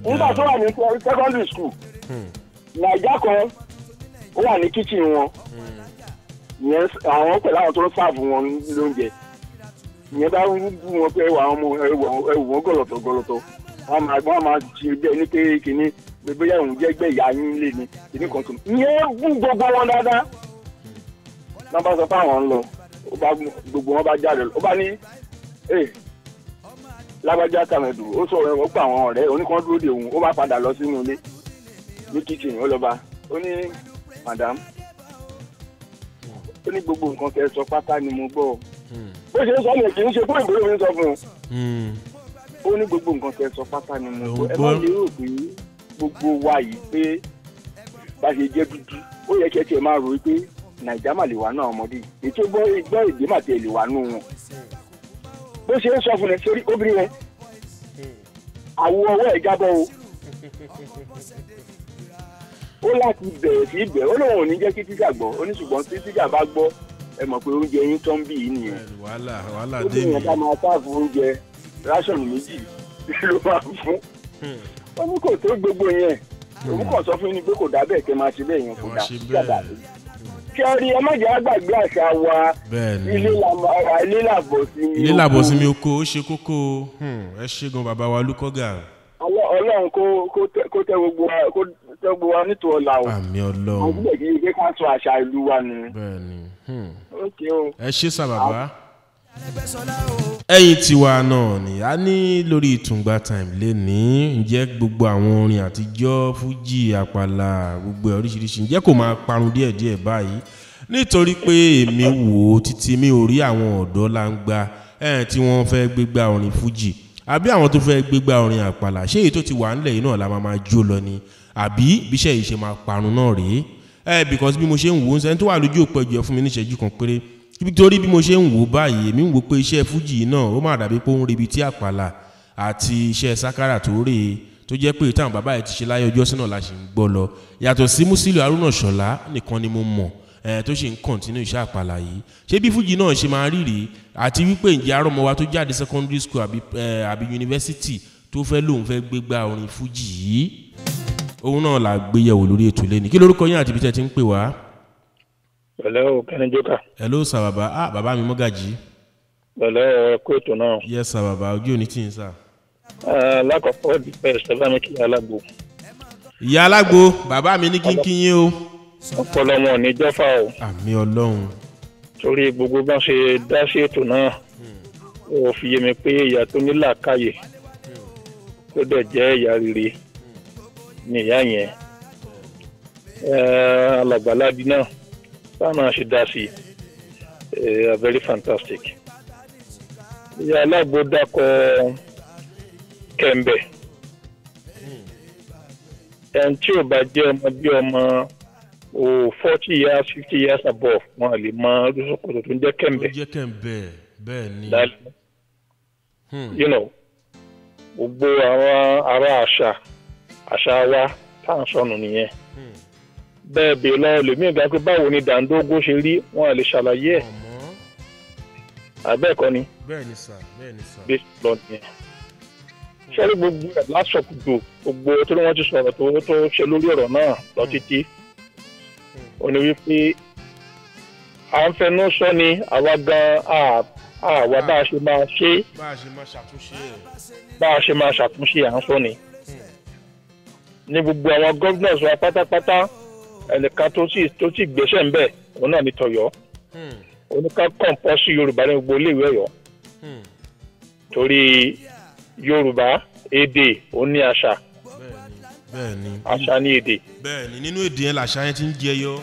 nígbà tó wà ní secondary school hmm. nàìjà kan ó wà ní kíchìn wọn hmm. ìyẹn àwọn pẹ̀lú àwọn tó ń sáàbù wọn lóúnjẹ ìyẹn bá ń bú wọn pé ẹwà àwọn ọmọ ẹwù wọn gọlọtọ gọlọtọ wọn máa wọn máa ṣe bẹ́ẹ̀ ní pé kìíní bóyá òun jẹ́ gbẹ́ ìyá yín lé ní kìíní kan tó ìyẹn bú gbogbo wọn dáadáa hmm. náà bá sọ fáwọn ń lọ gbogbo wọn bá jáde ó bá ní lágbájá tàmẹ̀dù ó sọ ọ̀rẹ́ wọn àwọn ọ̀rẹ́ oníkan dúró de òun ó bá padà lọ sínú ilé ní kíchìn ó lọ bá ó ní madam ó ní gbogbo nǹkan tẹ́ sọ pátá ni mo gbọ́ bó ṣe ń sọ yẹn kì í ṣe fún ìgbéró mi sọ fún un ó ní gbogbo nǹkan tẹ́ sọ pátá ni mo gbọ́ ẹ má lè rò pé gbogbo wa yìí pé bá ṣe jẹ́ dúdú ó yẹ kí ẹ tiẹ̀ máa rò ó pé nàìjà mà lè wà náà ọmọdé ètò gbọ́ ìgbọ́ èdè mà tiẹ̀ lè wà nù wọn bó ṣe ń sọ fún ẹ sórí obìnrin yẹn àwo ọwọ́ ẹ̀ jábọ̀ o ó láti bẹ̀rẹ̀ sí bẹ̀rẹ̀ ó lóun ò ní jẹ́ kí tíjà gbọ́ ó ní ṣùgbọ́n tí tíjà bá gbọ́ ẹ mọ̀ pé oúnjẹ yín tán bí yìí nìyẹn. wàhálà wàhálà dé nìyẹn. ó ní ìyẹn ká máa sáàfù oúnjẹ ráṣọ̀nù méjì ló máa fún. Hmm. ó ní kò tó gbogbo yẹn hmm. òun kàn sọ fún mi pé kò dá bẹ́ẹ̀ kẹ́ máa ṣe bẹ́ẹ̀ yẹn kò dá dàgbà kẹrin ẹ má jẹ́ àgbàgbé àṣà wa ilé làbọ̀ mi. oko ó ṣe kókó hmm, ẹ ṣe bàbá wa Olúkọ́gà. Ọlọ́run kó tẹ gbogbo jẹ́ gbogbo wa nítò ọ̀la o. àmì ọlọ́run. mo gbúdọ̀ kí ike ká sọ àṣà ìlú wa nù. bẹ́ẹ̀ni. Hmm. ẹ ṣe sábàbá. ẹ̀yin tiwa náà ni a ní lórí ìtùngbà time lẹ́ni ǹjẹ́ gbogbo àwọn orin àtijọ́ fújì àpàlà gbogbo oríṣiríṣi ǹjẹ́ kò máa parun díẹ̀díẹ̀ báyìí nítorí pé èmi wò ó títí mi ò rí àwọn ọ̀dọ́ láǹgbà ẹ̀ tí wọ́n fẹ́ gbégbá orin fújì àbí àwọn tó fẹ́ gbégbá orin àpàlà ṣé èyí tó ti wà ńlẹ̀ yìí náà la máa máa jó lọ ni àbí bíṣẹ́ yìí ṣe máa parun náà rèé ẹ eh, because bí mo ṣe ń wò ó sẹ́ni tó wà lójú òpó ẹ̀jọ̀ fún mi níṣẹ́jú kan péré torí bí mo ṣe ń wò ó báyìí èmi ń wò pé iṣẹ́ fújì náà ó máa dàbí pé ó ń rebi tí àpàlà àti iṣẹ́ sakara tó rè é tó jẹ́ pé ìtàn bàbá ẹ̀ ti ṣe láyé ọjọ́ sínú la ṣì ń gbọ́ lọ yàtọ̀ sí Musiliu Haruna Ṣọlá nìkan ni mo mọ̀ eh, tó ṣe ń kọ̀ntínú iṣẹ́ àpàlà yìí ṣé bí fújì náà ṣe máa rírì àti wípé ǹjẹ́ arọ́mọ wa tó jáde secondary school àbí yunifásitì eh, tó fẹ́ lòun fẹ́ gbégbá orin fújì yìí òun náà la gbéyẹ̀wò lórí ètò ilé ni kí lórúkọ yín àti ibi tẹ́ ti ń pè wá. pẹ̀lẹ́ o kẹ́ni jókà. ẹ ló sà bàbá ah bàbá mi mọ́gàjì. pẹ̀lẹ́ ẹ kó ètò náà. yẹ sà bàbá ojú òní tì ń sà. lákọ̀ọ́kọ́ dìpẹ́ sábà mi kì í alágbo. ìyá alágbo bàbá mi ní kínkín yín o. ọpọlọ wọn ò ní jọfà o. àmì ọlọ́run. torí gbogbo bá ṣe dá sí ètò náà ó fi yé mi pé ìyá ni ìyá yẹn alàgbàlabi náà táwọn ṣe dá sí i very fantastic ìyá aláàbò dákọ kẹ̀mbẹ̀ ẹni tí ò bá jẹ́ ọmọ bí ọmọ o forty years fifty years above wọn lè mọ olùsọkòtò tó ń jẹ́ kẹ̀mbẹ̀. ó hmm. you know gbogbo àwọn ará àṣà àṣà wa tá à ń sọnù nìyẹn hmm. bẹ́ẹ̀ bèè lọ lèmi ìgbà pé báwo ni dàńdógó ṣe rí wọn lè ṣàlàyé ẹ̀ àbẹ́ẹ̀kọ́ ni bẹ́ẹ̀ni sà bẹ́ẹ̀ni sà bí lọ nìyẹn sẹ́rí gbogbo ẹ̀ lásọ̀kùdù gbogbo tó ní wọ́n ti sọ̀rọ̀ tó tó ṣe lórí ọ̀rọ̀ náà lọ hmm. títí hmm. ó ní wípé à ń fẹnu sọ ni àwa gan àwa ah. bá a ṣe máa ṣe bá a ṣe máa ṣàtúnṣe à ń sọ ni ní gbogbo àwọn governors wa pátápátá ẹnìkan tó sì tó sì gbéṣẹ́ ń bẹ̀ òun náà ní tọ̀yọ́ hmm. oníkan kọ̀ǹpọ́sì yorùbá ní gbogbo iléèwé ọ̀yọ́ hmm. torí yorùbá èdè òun ní àṣà bẹ́ẹ̀ni àṣà ní èdè. bẹ́ẹ̀ni nínú èdè yẹn làṣà yẹn ti ń jẹyọ.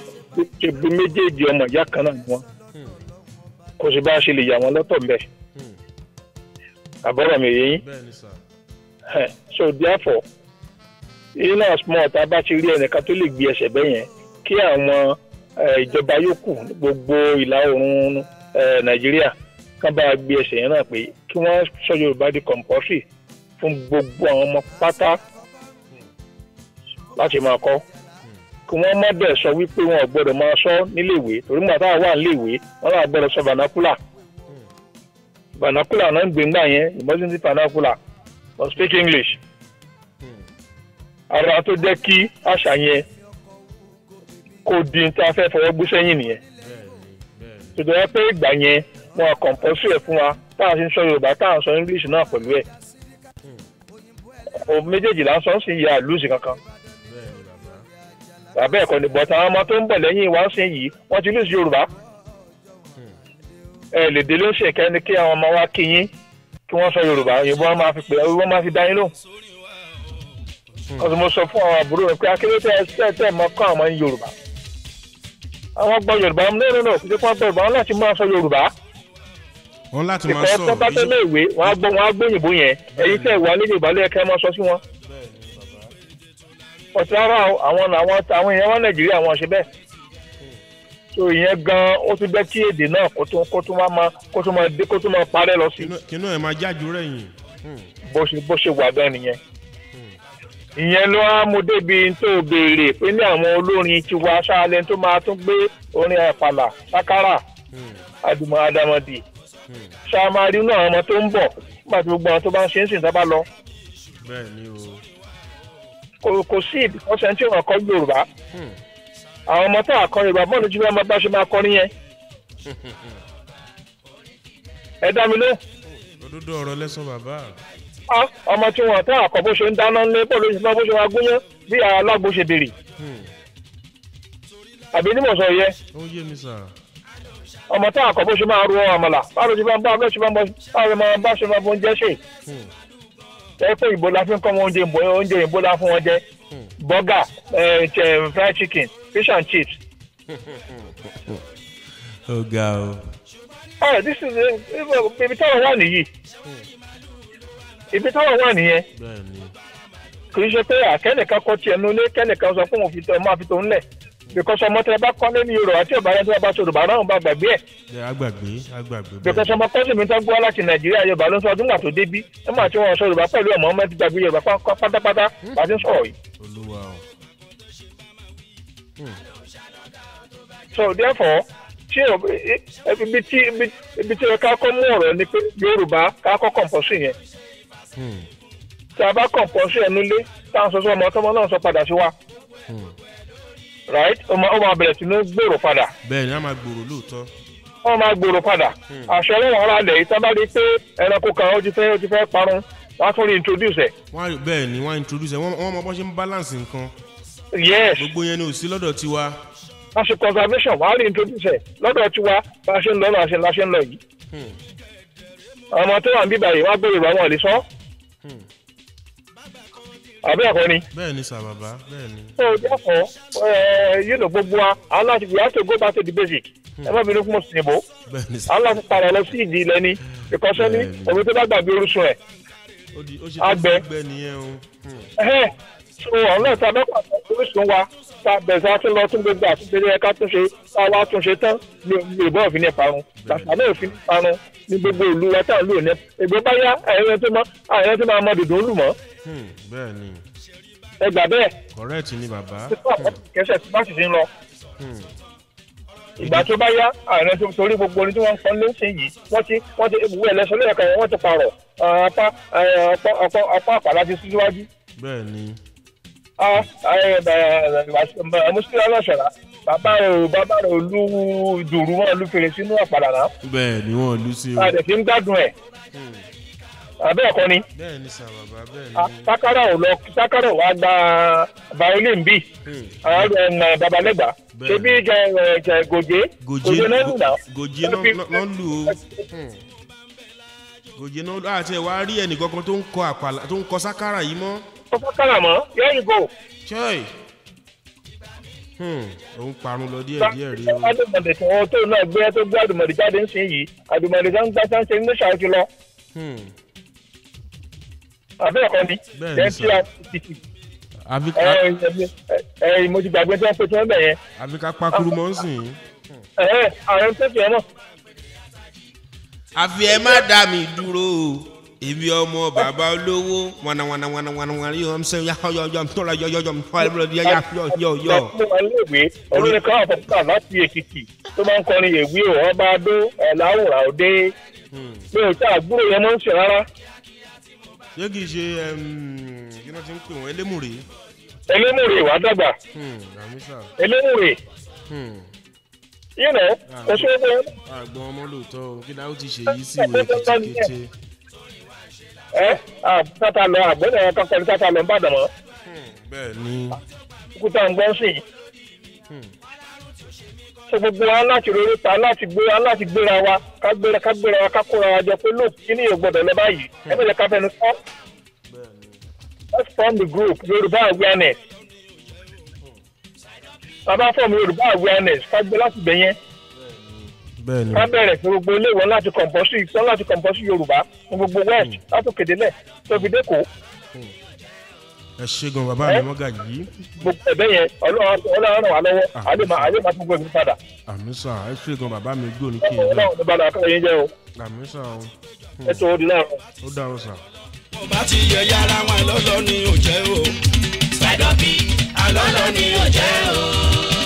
ṣègbè méjèèjì ọmọ ìyá kan náà ni wọn hmm. kò sì bá a ṣe lè yà wọn lọ́tọ̀ mbẹ́ àbọ̀rọ̀ mi yẹn so therefore elas mọ tá a bá ti rí ẹnìkan tó lè gbé ẹsẹ̀ bẹ́ẹ̀ yẹn kí àwọn ìjọba yòókù gbogbo ìlà oòrùn nàìjíríà kán bá gbé ẹsẹ̀ yẹn náà pé kí wọ́n sọ yorùbá di compulsory fún gbogbo àwọn ọmọ pátá láti máa kọ́ kí wọ́n má bẹ̀ sọ wípé wọn ò gbọ́dọ̀ máa sọ níléèwé torí màtá wà níléèwé wọn náà gbọ́dọ̀ sọ vernacular vernacular náà ń gbé ńgbà yẹn emergency vernacular or speak english. Mm ara tó jẹ́ kí àṣà yẹn kò di ní ta fẹ́ fọwọ́ gbé sẹ́yìn nìyẹn tòtò ẹ pé ìgbà yẹn wọn à kọ̀ǹpọ́sì ẹ̀ fún wa tá a ṣe ń sọ Yorùbá tá a ń sọ English náà pẹ̀lú ẹ̀ òun méjèèjì là ń sọ ń sìn ya lùsì kankan bàbá ẹ̀kọ́ ni bọ̀tà àwọn ọmọ tó ń bọ̀ lẹ́yìn wa ń sìn yìí wọ́n ti lùsì Yorùbá ẹ lè dé ló ń ṣèkẹ́ni kí àwọn ọmọ wa kí yín kí wọ́n sọ Yorùbá Yorùbá wọn máa fi dá yín lóhùn ọsùn mo sọ fún àwọn àbúrò rẹ pé akérètẹ ẹsẹ tẹ mọ kọ àwọn yorùbá àwọn gbọ́ yorùbá ọmọ náà náà kúndé kọ́ gbọ́ yorùbá wọn láti máa sọ yorùbá wọn láti máa sọ ìfẹ́ tọ́pẹ́ tẹ́lẹ̀ ìwé wọn á gbọ́ wọn á gbé òyìnbó yẹn èyí tẹ̀ wà ní yorùbá lóye máa sọ sí wọn. ọ̀tí ara àwọn àwọn àwọn èèyàn wọn nàìjíríà wọn ṣe bẹ́ẹ̀ so ìyẹn gan ó tún bẹ́ kí èdè náà kó tún máa kó tún máa parẹ́ lọ sí. kínú ẹ̀ máa jájú rẹ̀ yìí. Hmm. bó ṣe bó ṣe wà gan nìyẹn. ìyẹn ló á mú débi tó béèrè pé ní àwọn olórin tiwa ṣáálẹ̀ tó máa tún gbé orin àpàlà sákárà hmm. àdùmọ̀ àdàmọ̀dì hmm. ṣàmárì náà ọmọ tó ń bọ̀ nígbà tí gbogbo tó bá ń ṣe ń sìn dábàá lọ. kò sí yorùbá hmm. àwọn ọmọ tó yorùbá bọ́ọ̀lù bá ṣe yẹn. ẹ dá pa ọmọ tí wọn tẹ àkọ́ bó ṣe ń dáná ńlé bó ṣe fẹ́ bó ṣe wá gúnyán bí alágbó ṣe bèrè. Hmm. àbí ní mọ̀sán yẹ. ó yé ọmọ tẹ àkọ́ ṣe máa ru àmàlà báwo ṣe máa bá ṣe máa bá ṣe máa bó oúnjẹ ṣe. ẹ hmm. pé ìbò la fi ń kọ́ wọn oúnjẹ oúnjẹ ìbò la fún wọn jẹ hmm. burger fried chicken fish and chips. ó ga o. ọ̀rẹ́ this is eh, eh, ibi táwọn wà nìyí ibi táwọn wà nìyẹn kì í ṣe pé àkẹ́nìkan kọ́ tiẹ̀ nulẹ̀ kẹ́nìkan sọ fún òfin tó máa fi tó ń lẹ̀ because ọmọ tẹ bá kọ́lé ní yorùbá tí yorùbá yẹn tí wọ́n bá sọ yorùbá náà bá gbàgbé ẹ̀. agbàgbé agbàgbé bẹ́ẹ̀. because ọmọ kọ́sì mi tán gbọ́ láti nàìjíríà yorùbá ló ń sọ ọdún gbà tó débí ẹ máa tí wọ́n sọ yorùbá pẹ̀lú ọmọ ọmọ ti gbàgbé yorùbá pátápátá bá ti ń sọ̀rọ̀ yìí. olúwa o. Hmm. so therefore tí ibi tí ibi tí ká kọ́ mú ọ̀rọ̀ ni pé yorùbá ká kọ́ kọ̀ǹpọ̀sì yẹn Hmm. tí a bá compulsory ẹnu lé tá à sọ sí ọmọ tọmọ náà sọ padà sí wa hmm. right ó máa bẹ̀rẹ̀ sí ní gbòòrò padà. bẹ́ẹ̀ a máa gbòòrò lóòótọ́. wọ́n máa gbòòrò padà hmm. àṣẹ ọlọ́run ara rẹ̀ yìí a bá rí pé ẹranko kan ó ti fẹ́ ó ti fẹ́ parun wọ́n á tún rí introduce ẹ̀. wọ́n bẹ́ẹ̀ ni wọ́n introduce ẹ̀ wọ́n mọ bó ṣe ń balance nǹkan. yes gbogbo yẹn ni ò sí lọ́dọ̀ tiwa. a ṣe conservation wọ́n á rí introduce ẹ̀ lọ́dọ̀ tiwa bá a ṣe ń lọ náà la ṣe ń lọ yìí. ọmọ tó wà ń bíbá yìí wọ́n á gbé àwọn ò àbí ẹ̀kọ́ ni. bẹ́ẹ̀ ni sà bàbá bẹ́ẹ̀ ni. so therefore uh, you know gbogbo wa allah we have to go back to the basic hmm. ẹ má bínú fún mọ̀sùn ìbò allah ti padà lọ sí ìdí ilẹ̀ ni because ẹni omi tó bá gbàgbé orúsùn ẹ̀ àgbẹ̀ so ọ̀rọ̀ ìta bẹ́ẹ̀ pàṣẹ orísun wa ta bẹ̀rẹ̀ tún lọ tún gbogbo àtúnṣe ẹ̀ka túnṣe tá a wá túnṣe tán ní ìbọn òfin ní parun bàtà náà òfin ní parun ní gbogbo ìlú wa tá à ń lò ní ẹgbẹ́ báyá àyẹ̀yẹ́ tó mọ àyẹ̀yẹ́ tó máa mọ dòdò ń lù mọ́. Hmm, bẹ́ẹ̀ ni ẹ gbà bẹ́ẹ̀. correct ni bàbá. Hmm. kẹsẹ̀ tí bá sì ti ń lọ. Hmm. ìgbà tó bá yá àyẹ̀yẹ́ tó torí gbogbo orin tí wọ́n ń pọn lóṣèlú yìí wọ́n ti wọ́n ti ewu ẹ̀lẹ́sọ lẹ́yìn kan wọ́n ti pààrọ̀ eh, eh, apá apá apá àpàlà ti síwájú. bẹ́ẹ̀ ni. Ah, ah, eh, eh, eh, mùsùlùmí ṣọlá bàbá rẹ ò bàbá rẹ ò lu dùrú wọn lu fèrè sínú àpàlà náà. bẹẹ ni wọn lu sí o. àdè fi ń gbádùn ẹ hmm. àbẹ ẹkọ ni. bẹẹ ni sà bàbá bẹẹ ni. Ah, sakara ò lọ sakara ò wá gba violin bíi hmm. àwọn babalẹgba ṣebí jẹ gòjé gòjé náà lù náà. gòjé náà lù o hmm. gòjé náà lù àti ẹ̀ wá rí ẹnì kankan tó ń kọ àpàlà tó ń kọ sakara yìí mọ́ fọ́ kàràmọ́ here you go. chai òun hmm, parun lọ díẹ̀ díẹ̀ rí o. adùmọ̀dé tí wọ́n tó náà gbé tó gbé adùmọ̀dé jáde ń sìn yìí adùmọ̀dé tó ń gbá sáńsẹ̀ ń gbéṣà ti lọ. Hmm. àbẹ́ ọ̀kan ni bẹ́ẹ̀ ti ti. ẹ mo ti gbàgbé tí wọ́n pe tí wọ́n bẹ̀ yẹn. àbí ká pakuru mọ́ ń sìn. ẹ ẹ àwọn tó fi ẹ náà. àfi ẹ má dá mi dúró o èmi ọmọ bàbá olówó wọnà wọnà wọnà wọnà wọnà yóò ń sẹ́yìn yọ yọ yọ tọ́lá yọ yọ yọ tọ́lá yọ yọ yọ yọ yọ yọ. ọmọ iléèwé olórin kan àpapọ̀ náà láti èkìtì tó máa ń kọrin èwe ọ̀hún bá dó ọ̀là àwòrà òde hmm. mi ò àgbúrò yẹn mọ́ ń ṣe rárá. ṣé kìí ṣe kí wọ́n ti ń pè wọ́n elémùrè. elémùrè wàá dàgbà hmm, elémùrè hmm. yìí rẹ̀ ah, kò àgbọn ah, ọmọ lóòótọ́ kí ẹ àbúkátà lọ àgbẹ̀dẹ̀ wọn kọ́kọ́ bùkátà lọ nìbàdàn mọ́. bẹ́ẹ̀ ni. kúta ń gbọ́ sí i. ṣé gbogbo wa láti rere ta láti gbéra láti gbéra wa ká gbéra ká gbéra wa ká kóra wa jọ pé lóòpù kí ni yóò gbọdọ̀ lọ báyìí ẹ bẹ̀rẹ̀ ká sọ. let's form the group Yorùbá awareness. bàbá fọ́ọ̀mù Yorùbá awareness ká gbé láti bẹ̀yẹn wọ́n bẹ̀rẹ̀ sí gbogbo ilé ìwọ̀n láti kọ̀m̀pọ́sì sọ́n láti kọ̀m̀pọ́sì yorùbá ní gbogbo west hmm. látò kédélẹ̀ tóbi dẹ́kọ̀. Hmm. ẹ ṣègùn bàbá mi mọ́gà yìí. ẹ̀bẹ̀ yẹn ọlọ́run ràn wá lọ́wọ́ àlè máa àlè máa fún gbogbo ìlú padà. àmísà ẹ ṣègùn bàbá mi gbòòrò kí ẹ lọ. àmísà o. Hmm. ẹ tó o di náà. ó dáhùn sà. ọba ti yẹ yàrá wọn lọ́lọ́ ni ò jẹ́ o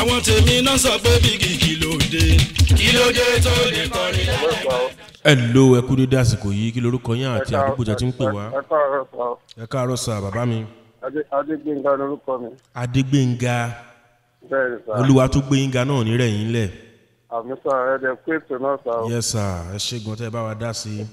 àwọn tèmi náà sọ pé bígì kí ló dé kí tó lè kọrin láyé. ẹ lo ẹkú dédé àsìkò yìí kí lorúkọ yín àti àdúgbò jẹ ti ń pè wá. ẹ káàárọ̀ sà bàbá mi. adégbénga lorúkọ mi. adégbénga olúwa tó gbé yínga náà nírẹ̀ lẹ̀. àmì sọ ẹ dẹ kú ètò náà sá yẹ sà ẹ ṣe tẹ bá wa dá sí i.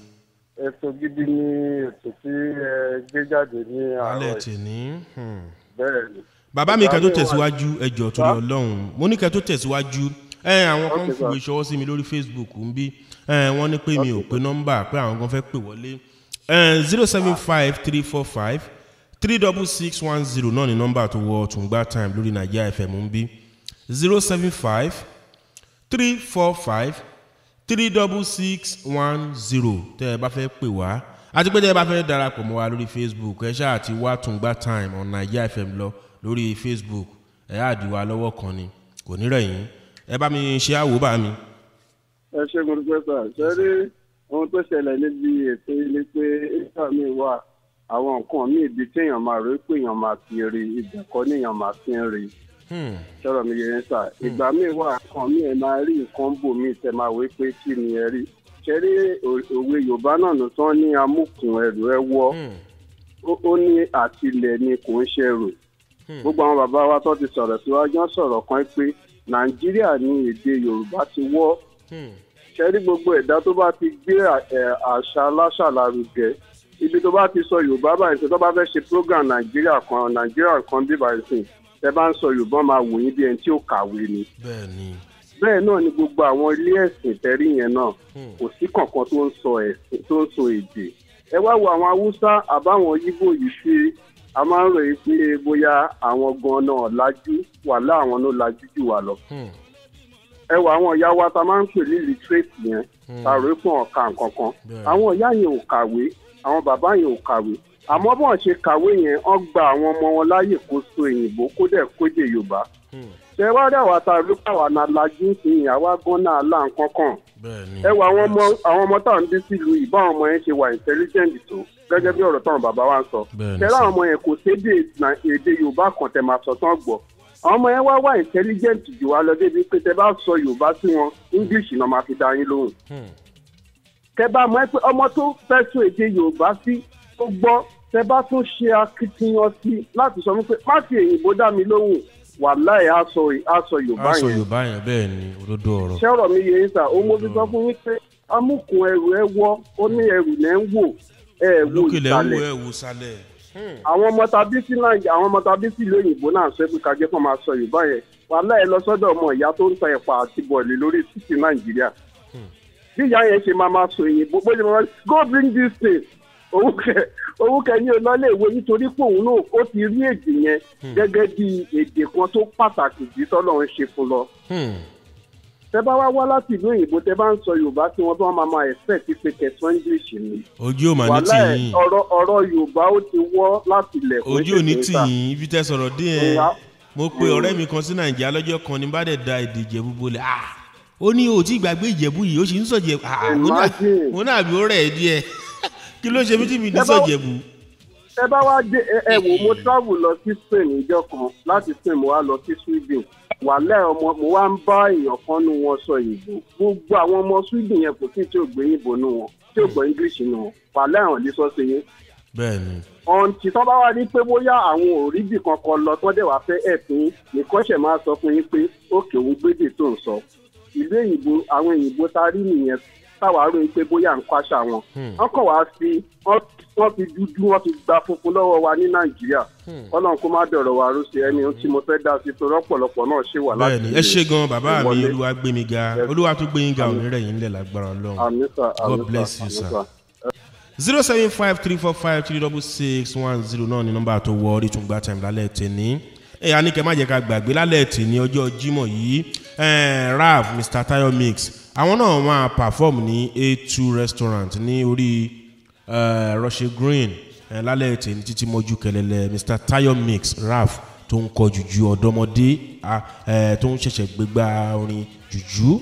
ètò gidi ni ètò tí ẹ gbé jáde ní àárọ̀ yìí. alẹ́ tèmi. Hmm. bẹ́ẹ̀ ni bàbá mi kẹ́ tó tẹ̀síwájú ẹjọ́ torí ọlọ́run mo ní kẹ́ tó tẹ̀síwájú ẹ àwọn kan fìwé ṣọwọ́ sí mi lórí facebook ń bí wọ́n ní pé mi ò pé nọ́mbà pé àwọn kan fẹ́ pè wọlé zero seven five three four five three double six one zero náà ni nọ́mbà tó wọ ọ̀túngbà time lórí nàìjíríà fm ń bí zero seven five three four five three double six one zero tẹ́ ẹ bá fẹ́ pè wá àti pé tẹ́ ẹ bá fẹ́ darapọ̀ mọ́ wa lórí facebook ẹ ṣáà ti wá túngbà time on nàìjíríà fm lọ lórí Facebook ẹ á dìwà lọ́wọ́ kan ni kò ní rẹ̀yìn ẹ bá mi ṣe àwò bá mi. ẹ ṣe mo dúpẹ́ sà ṣe rí ohun tó ṣẹlẹ̀ níbi ètò ilé pé ìgbà mi wà àwọn nǹkan míì ibi téèyàn máa rí pé èèyàn máa fi rí ìdẹ̀kọ́ níyàn máa fi ń rí sọ̀rọ̀ hmm. mi yẹn sà hmm. ìgbà míì wà nǹkan míì ẹ máa rí nǹkan bò míì tẹ máa wé pé kí ni ẹ rí ṣe òwe yorùbá náà ló ní amúkùn ẹrù ẹ wọ hmm. ó ní àtìlẹ ni kò ń ṣe Hmm. gbogbo àwọn bàbá wa tó ti sọ̀rọ̀ síwájú wọn sọ̀rọ̀ kan pé nàìjíríà ní èdè yorùbá ti wọ́ hmm. ṣẹ́rí gbogbo ẹ̀dá tó bá ti gbé àṣà aláṣà lárugẹ ibi tó bá ti sọ yorùbá báyìí tó bá fẹ́ ṣe program nàìjíríà kan nàìjíríà kan bí báyìí sìn ẹ bá ń sọ yorùbá máa wò yín bí ẹni tí ó kàwé ni. bẹ́ẹ̀ni bẹ́ẹ̀ náà ni gbogbo àwọn ilé ẹ̀sìn tẹ́rí yẹn náà hmm. kò sí kankan tó ń sọ èdè ẹ wá wo àwọn haúsá àbáwọn yíbò yìí ṣe a máa ń ròyìn pé bóyá àwọn gan náà lajú wà láwọn ló lajú jù wà lọ. Hmm. ẹ wọ àwọn ìyá wa ta máa ń pè ní literate yẹn hmm. ta rò pé wọn ka nǹkan kan àwọn ìyá yẹn ò kàwé àwọn bàbá yẹn ò kàwé àmọ́ bọ́n ṣe kàwé yẹn wọ́n gba àwọn ọmọ wọn láàyè kó so òyìnbó kó dẹ̀ kóde yorùbá hmm. ṣe wá rí àwa tá a rí pàwọn alájú ìyìn àwa gan náà là ń kankan ẹ wọ àwọn ọmọ táwọn bí sílùú ìbá àwọn ọmọ yẹn ṣe wà intelligent tó gẹ́gẹ́ bí ọ̀rọ̀ táwọn bàbá wa ń sọ tẹ́lá àwọn ọmọ yẹn kò sédè èdè yorùbá kan tẹ̀ máa sọ tán gbọ́ ọmọ yẹn wá wá intelligent jù wá lọ débi pé tẹ bá sọ yorùbá sí wọn english náà máa fi dá yín lóhùn hmm. tẹ bá mọ̀ pé ọmọ tó fẹ́ tún èdè yorùbá sí tó gbọ́ tẹ bá tún ṣe akitiyan sí láti sọ wípé má fi èyìnbó dá mi lóhùn wàláì aṣọ aṣọ yorùbá yẹn aṣọ yorùbá yẹn bẹ́ẹ̀ ni òdodo ọ̀rọ̀. sẹ́rọ̀ mi yẹ yín sà ó mọ̀ bí sọ fún yín amúkùn ẹrù ẹ wọ ó ní ẹrù lẹ́ ń wò ẹ wo ìsàlẹ̀ hmm. àwọn ọmọ tàbí sí àwọn ọmọ tàbí sí ìlú òyìnbó náà sọ pé kàjẹ́ kan máa sọ yorùbá yẹn wàhálà ẹ lọ sọ́dọ̀ ọmọ ìyá tó ń ta ẹ̀pà àti bọ̀ọ̀lì lórí títì nàìjíríà hmm. bí ìyá yẹn ṣe máa máa sọ òyìnbó bó ṣe máa go bring this thing owó kẹni ọlọ́lẹ̀ ìwé nítorí pé òun náà ó ti rí èdè yẹn hmm. gẹ́gẹ́ bí èdè kan tó pàtàkì jù tọ́lọ́run ṣe fún lọ tẹ bá wá wá láti ìlú òyìnbó tẹ bá ń sọ yorùbá tí wọn bá máa máa expect pé kẹsàn english ni. ojú ò mà ní tì yín ọ̀rọ̀ yorùbá ó ti wọ́ láti ilẹ̀ ojú ò ní tì ibi tẹ sọ̀rọ̀ dé ẹ mo pe ọ̀rẹ́ mi kan sí nàìjíríà lọ́jọ́ kan ní bá da èdè ìjẹ̀bú bolẹ̀ ah! ó ní o ti gbàgbé ìjẹ̀bú yìí ó sì ń sọ̀jẹ̀ ah! mo náà bí ó rẹ̀ díẹ̀ kí ló ṣe mí tí mi ní sọ̀jẹ̀bú ẹ bá wá dé ẹ wò mo travel lọ sí Spain ìjọ kan láti Spain mo wá lọ sí Sweden wàhálà ọmọ mo wá ń bá èèyàn kan nu wọn sọ ìbò gbogbo àwọn ọmọ Sweden yẹn kò sí tí ò gbé ìbò nu wọn tí ò gbọ́ English nu wọn wàhálà ẹ̀hàn lè sọ sí yín. bẹ́ẹ̀ni. ọ̀ǹtì tó bá wá rí pé bóyá àwọn òríbì kankan lọ tó dẹ̀ wá fẹ́ ẹ̀ fún nìkan ṣẹ̀ máa sọ fún yín pé ókè òun gbédè tó ń sọ ìlú èyìnbó àwọn èyìnbó ta rí nìyẹn ṣàwárí pé bóyá ń kọ́ṣà wọn hmm. wọ́n kàn wá sí wọ́n fi dúdú wọ́n fi gba funfun lọ́wọ́ wa ní nàìjíríà hmm. ọlọ́run kó má dọ̀rọ̀ wa rú sí ẹni tí mo hmm. fẹ́ dá sí torí ọ̀pọ̀lọpọ̀ náà ṣì wà láti ẹ ṣe gan bàbá mi olúwa gbé mi ga olúwa tó gbé yín ga òní rẹ̀ yín lẹ̀ lágbára ọlọ́run god bless you sir zero seven five three four five three double six one zero náà ni nọmba tó wọ orí tún gba time lálẹ́ tèmi ẹ̀yà ní kẹ́ má jẹ́ ká gbàgbé lálẹ́ tèmi ọjọ́ jímọ̀ yìí raf mr tayo mix àwọn náà máa perform ní a2 restaurant ní orí eh, rọ́ṣẹ́ green eh, lálẹ́ ètè ní títí mọ́jú kẹlẹ́lẹ́ mr tayo mix raf tó ń kọ jùjú ọ̀dọ́mọdé eh, tó ń ṣẹ̀ṣẹ̀ gbégbá orin jùjú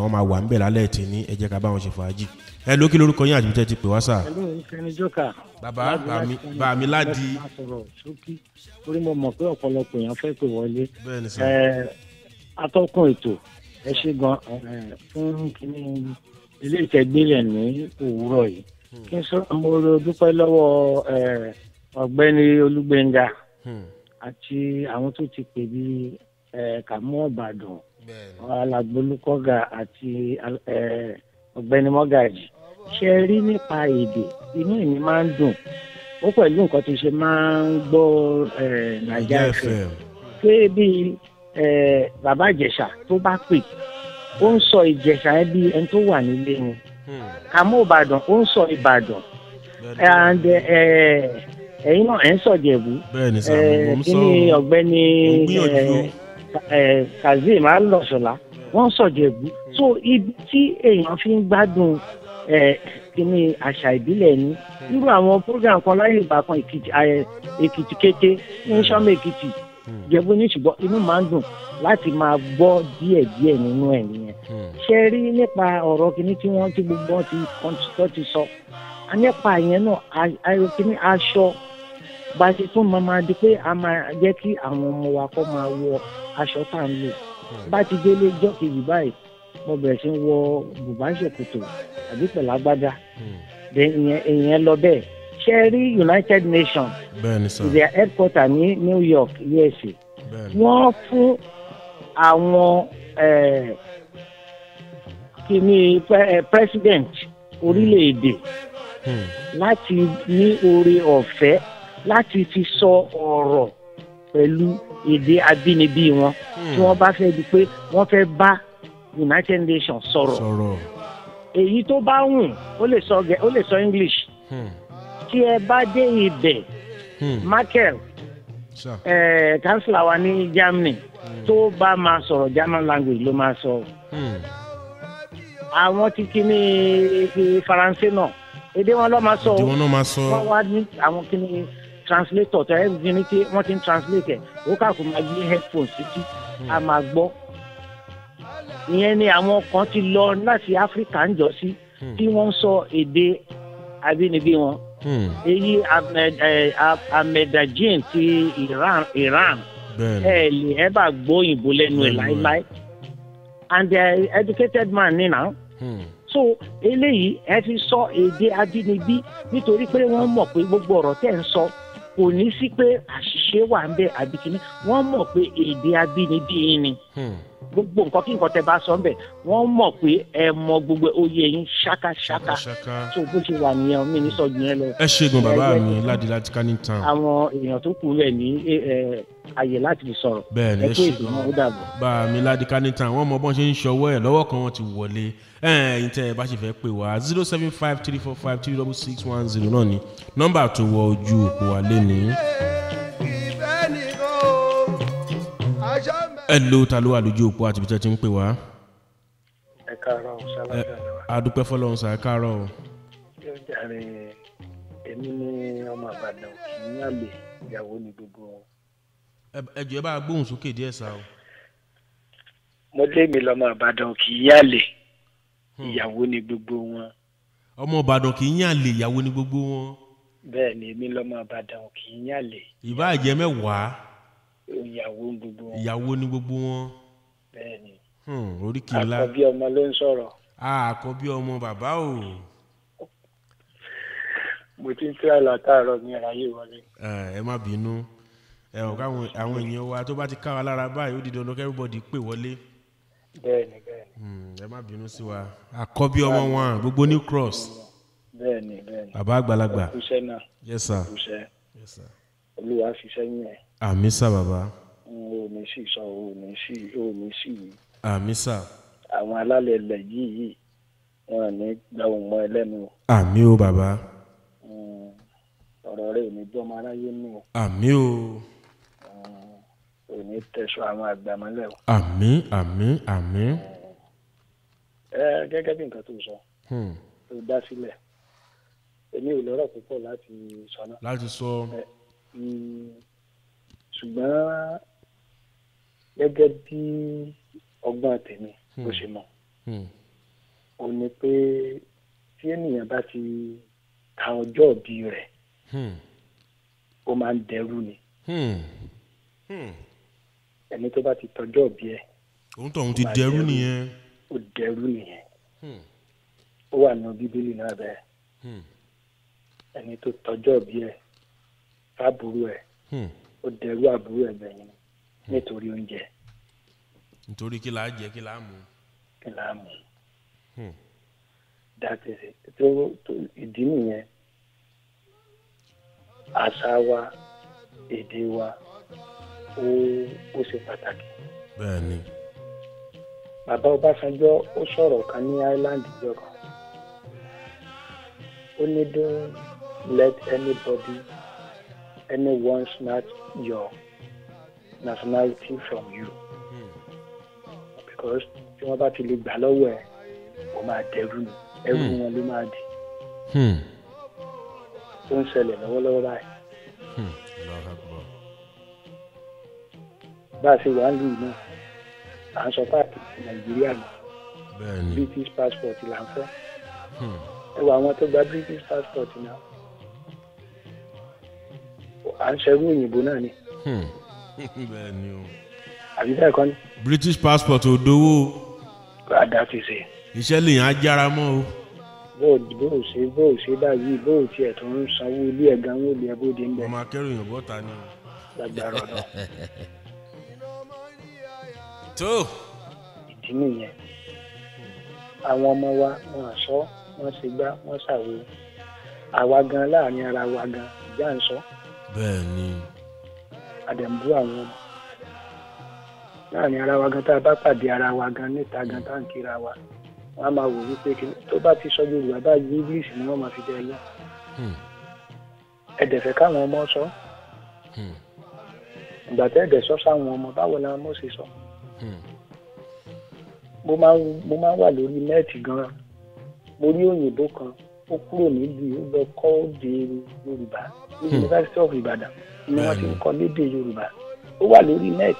wọ́n máa wà níbẹ̀ lálẹ́ ètè ní ẹ jẹ́ ká bá wọn ṣe fàájì ẹ lókè lórúkọ yín àti ti pè wá sà. ẹ lóyún ìfẹ́ni jọ́kà bàbá bàmí ládi. orí mo mọ̀ pé ọ̀pọ̀lọpọ̀ èèyàn fẹ́ pè wọlé atọ́kùn ètò ẹ ṣe gan fún kíní ilé ìtẹ̀gbélẹ̀ ní òwúrọ̀ yìí hmm. kí n sọ mo dúpẹ́ lọ́wọ́ ọ̀gbẹ́ni olúgbẹ́ngà hmm. àti àwọn tó ti pè bí kàmú ọ̀bàdàn alàgbólúkọ́gà àti ọ̀gbẹ́ni mọ́gàjì ṣe rí nípa èdè inú ìní máa ń dùn ó pẹ̀lú nǹkan tó ṣe máa ń gbọ́ nàìjíríà fẹ́ pé bíi bàbá ìjẹ̀ṣà tó bá pè ó ń sọ ìjẹ̀ṣà yẹn bí ẹni tó wà nílé ni hmm. kàmú ìbàdàn ó ń sọ ìbàdàn and eh, eh, ẹ̀yin náà ẹ̀ ń sọ ìjẹ̀bú eh, kí ni ọ̀gbẹ́ni kazeem alọ́ṣọ̀lá wọ́n sọ ìjẹ̀bú hmm. so ibi tí èèyàn fi ń gbádùn kíní àṣà ìbílẹ̀ ni hmm. irú àwọn program kan láyé ìgbà kan èkìtì kété ní sọ́mọ èkìtì. Hmm. jẹ̀bú ní ṣùgbọ́n inú máa ń dùn láti máa gbọ́ díẹ̀ díẹ̀ nínú ẹ̀ nìyẹn hmm. ṣe rí nípa ọ̀rọ̀ kìíní tí wọ́n ti gbogbo wọn ti kọ́ńtítọ́ ti sọ nípa ìyẹn náà kìíní aṣọ bá ṣe tún máa máa di pé a máa jẹ́ kí àwọn ọmọ wa kọ́ máa wọ aṣọ tá à ń lò hmm. bá ti délé jọ́kejì báyìí mo bẹ̀rẹ̀ sí wọ bùbá ṣòkòtò àbí pẹ̀lágbádá ìyẹn lọ bẹ́ẹ̀ ṣẹ́rí United Nations their headquarters ní New York USA wọ́n fún àwọn kìíní president orílẹ̀-èdè hmm. Hmm. láti ní oore ọ̀fẹ́ láti fi sọ ọ̀rọ̀ pẹ̀lú èdè abínibí wọn hmm. tí wọ́n bá fẹ́ di pé wọ́n fẹ́ bá United Nations sọ̀rọ̀ èyí tó bá wùn ó lè sọ English. Hmm tí ẹ bá dé ibẹ̀ Merkel hmm. kansila wa ní Germany hmm. tó bá máa sọ̀rọ̀ German language ló máa sọ hmm. àwọn tí kíní Faransé náà èdè wọn ló máa sọ wọn wá ní àwọn kíní translator tó ẹ ní tí wọ́n ti ń translate ẹ̀ ó kà kó máa gbé headphones títí a máa gbọ́ ìyẹn ni àwọn kan ti lọ láti Áfíríkà ń jọ sí tí wọ́n ń sọ èdè abínibí wọn Hmm. èyí ahmedajin ti Iran Iran ẹ lè ẹ bá gbóyìnbó lẹ́nu láéláé and they are educated man nina. Hmm. so eléyìí ẹ fi sọ èdè àbínibí nítorí pé wọ́n mọ̀ pé gbogbo ọrọ tẹ́ ń sọ kò ní sí pé àṣìṣe wà ń bẹ àbí kìíní pé èdè gbogbo nǹkan kí nǹkan tẹ bá sọ ńbẹ wọn mọ pé ẹ mọ gbogbo oyè yín ṣákáṣáká tó bó ṣe wà nìyẹn mi ní sọdún yẹn lọ. ẹ ṣègùn bàbá mi ládi láti canning town. àwọn èèyàn tó kù rẹ ní àyè láti sọ̀rọ̀ bẹ́ẹ̀ni ẹ ṣègùn bá mi ládi canning town wọn mọ bọ́n ṣe ń ṣọwọ́ ẹ̀ lọ́wọ́ kan wọn ti wọlé ẹ̀yìn tẹ́ ẹ bá ṣe fẹ́ pè wá zero seven five three four five three double six one zero náà ni nọ́mbà tó wọ ojú òpó wa lé ní. ẹ̀lò ta ló wà lójú òpó àti ibi tó ti ń pè wá. ẹ káàárọ̀ ṣáláṣà. adúpẹ́ fọlọ́run sá káàárọ̀ o. yóò jàre èmi ni ọmọ àbàdàn kì í yàlè ìyàwó ni gbogbo wọn. ẹ jọ̀ọ́ ẹ bá gbóhùn sókè díẹ̀ sá o. mo lé mi lọ́mọ àbàdàn kì í yàlè hmm. ìyàwó ni gbogbo wọn. ọmọ àbàdàn kì í yàlè ìyàwó ni gbogbo wọn. bẹ́ẹ̀ èmi lọ́mọ àbàdàn kì í yàlè. ìbáà jẹ́ ìyàwó gbogbo wọn. ìyàwó ni gbogbo wọn. bẹ́ẹ̀ni. Hmm, oríkì ńlá àkọ́bí ọmọ ló ń sọ̀rọ̀. àkọ́bí ọmọ bàbá o. mo ti ń tẹ́ àlàtàrọ̀ ní ààyè wọlé. ẹ má bínú ẹ ò káwọn àwọn èèyàn wa tó bá ti ká wa lára báyìí ó di dandan kẹ́rìbọ̀dì pè wọlé. bẹ́ẹ̀ni bẹ́ẹ̀ni. Hmm, ẹ má bínú sí wa àkọ́bí ọmọ wọn gbogbo ní cross. bẹ́ẹ̀ni bẹ́ẹ̀ni. bàbá àgbàlagbà. ẹ kúṣẹ́ náà. yes sir. ẹ yes sir olúwa ṣiṣẹ́ yín ẹ̀. àmì sà bàbá. o ní sí sọ o ní sí o ní sí yìí. àmì sà. àwọn alálẹ̀ ilẹ̀ yìí yìí wọn ò ní gba òun mọ́ ẹ lẹ́nu o. àmì o bàbá. ọ̀rọ̀ rẹ̀ ò ní jọ́ ọmọ aráyé nù o. àmì o. ò ní tẹ̀sọ́ àwọn àgbà mọ́lẹ̀ o. àmì àmì àmì. ẹ gẹ́gẹ́ bí nǹkan tó sọ hmm. tó dá sílẹ̀ èmi ò lọ́rọ̀ púpọ̀ láti sọ náà. láti sọ. ẹ ṣùgbọ́n gẹ́gẹ́ bí ọgbọ́n tèmi bó hmm. ṣe mọ̀ ò hmm. ní pé tí ènìyàn bá ti ka ọjọ́ òbí rẹ̀ hmm. ó máa ń dẹrú ni ẹni tó bá ti tọjọ́ òbí ẹ̀ òun tó òun ti dẹrú nìyẹn ó dẹrú nìyẹn ó wà nínú bíbélì náà bẹ́ẹ̀ ẹni tó tọjọ́ òbí ẹ̀ fábùrú ẹ̀ hmm. ó dẹrú àbúrò ẹ̀ bẹ̀yìn hmm. nítorí oúnjẹ. nítorí kí làá jẹ kí làá mú. kí làá mú. dàtẹ̀sẹ̀ hmm. tó ìdí nìyẹn àṣà wa èdè wa ó ó ṣe pàtàkì. bẹ́ẹ̀ni. bàbá Ọbásanjọ́ ó sọ̀rọ̀ kan ní Ireland ìjọ ó ní don't let anybody anyone snatch your nationality from you hmm. because tí wọ́n bá ti lè gbà lọ́wọ́ ẹ̀ kò máa dẹrù ẹrù hmm. wọn ló máa di tó hmm. ń ṣẹlẹ̀ lọ́wọ́lọ́wọ́ báyìí. bá a ṣe wà lù náà à ń sọ páàkì nàìjíríà nù british passport là ń fẹ́ ẹ wà àwọn tó gba british passport náà à ń ṣẹ́gun òyìnbó náà ni. Hmm. bẹ́ẹ̀ ni o. àbí bẹ́ẹ̀ kọ́ ni. British passport ò dowó. rádà ti ṣe. iṣẹ́ lèyàn á jára mọ́ o. bóò bóò ṣe bóò ṣe báyìí bóò tiẹ̀ tó ń sanwó ilé ẹ̀gá ń wọlé ẹbóde ń bẹ. ọmọ akẹ́rù òyìnbó ta ni. lágbára ọ̀dọ̀. tó. ìdí nìyẹn àwọn ọmọ wa wọn àṣọ wọn ṣe gbá wọn ṣàwé àwa gan láàrin ara wa gan ìjà ń sọ. So. bẹ́ẹ̀ ni. àdẹ̀mú àwọn ọmọ láàrin ara wa gan tá a bá pàdé ara wa gan níta gan tá à ń kíra wa wọn á máa wò wípé tó bá ti sọ yorùbá báyìí english ni wọn máa fi dẹ yẹn ẹdẹfẹ káwọn ọmọ sọ hmm. ìgbà tẹ ẹdẹ sọ sáwọn ọmọ báwo làwọn ọmọ ṣe sọ hmm. mo máa ń wà lórí nẹ́ẹ̀tì gan mo rí òyìnbó kan ó kúrò níbi ó lọ kọ́ èdè Yorùbá ní hmm. University of Ibadan ni wọ́n ti ń hmm. kọ́ lédè Yorùbá ó wà lórí net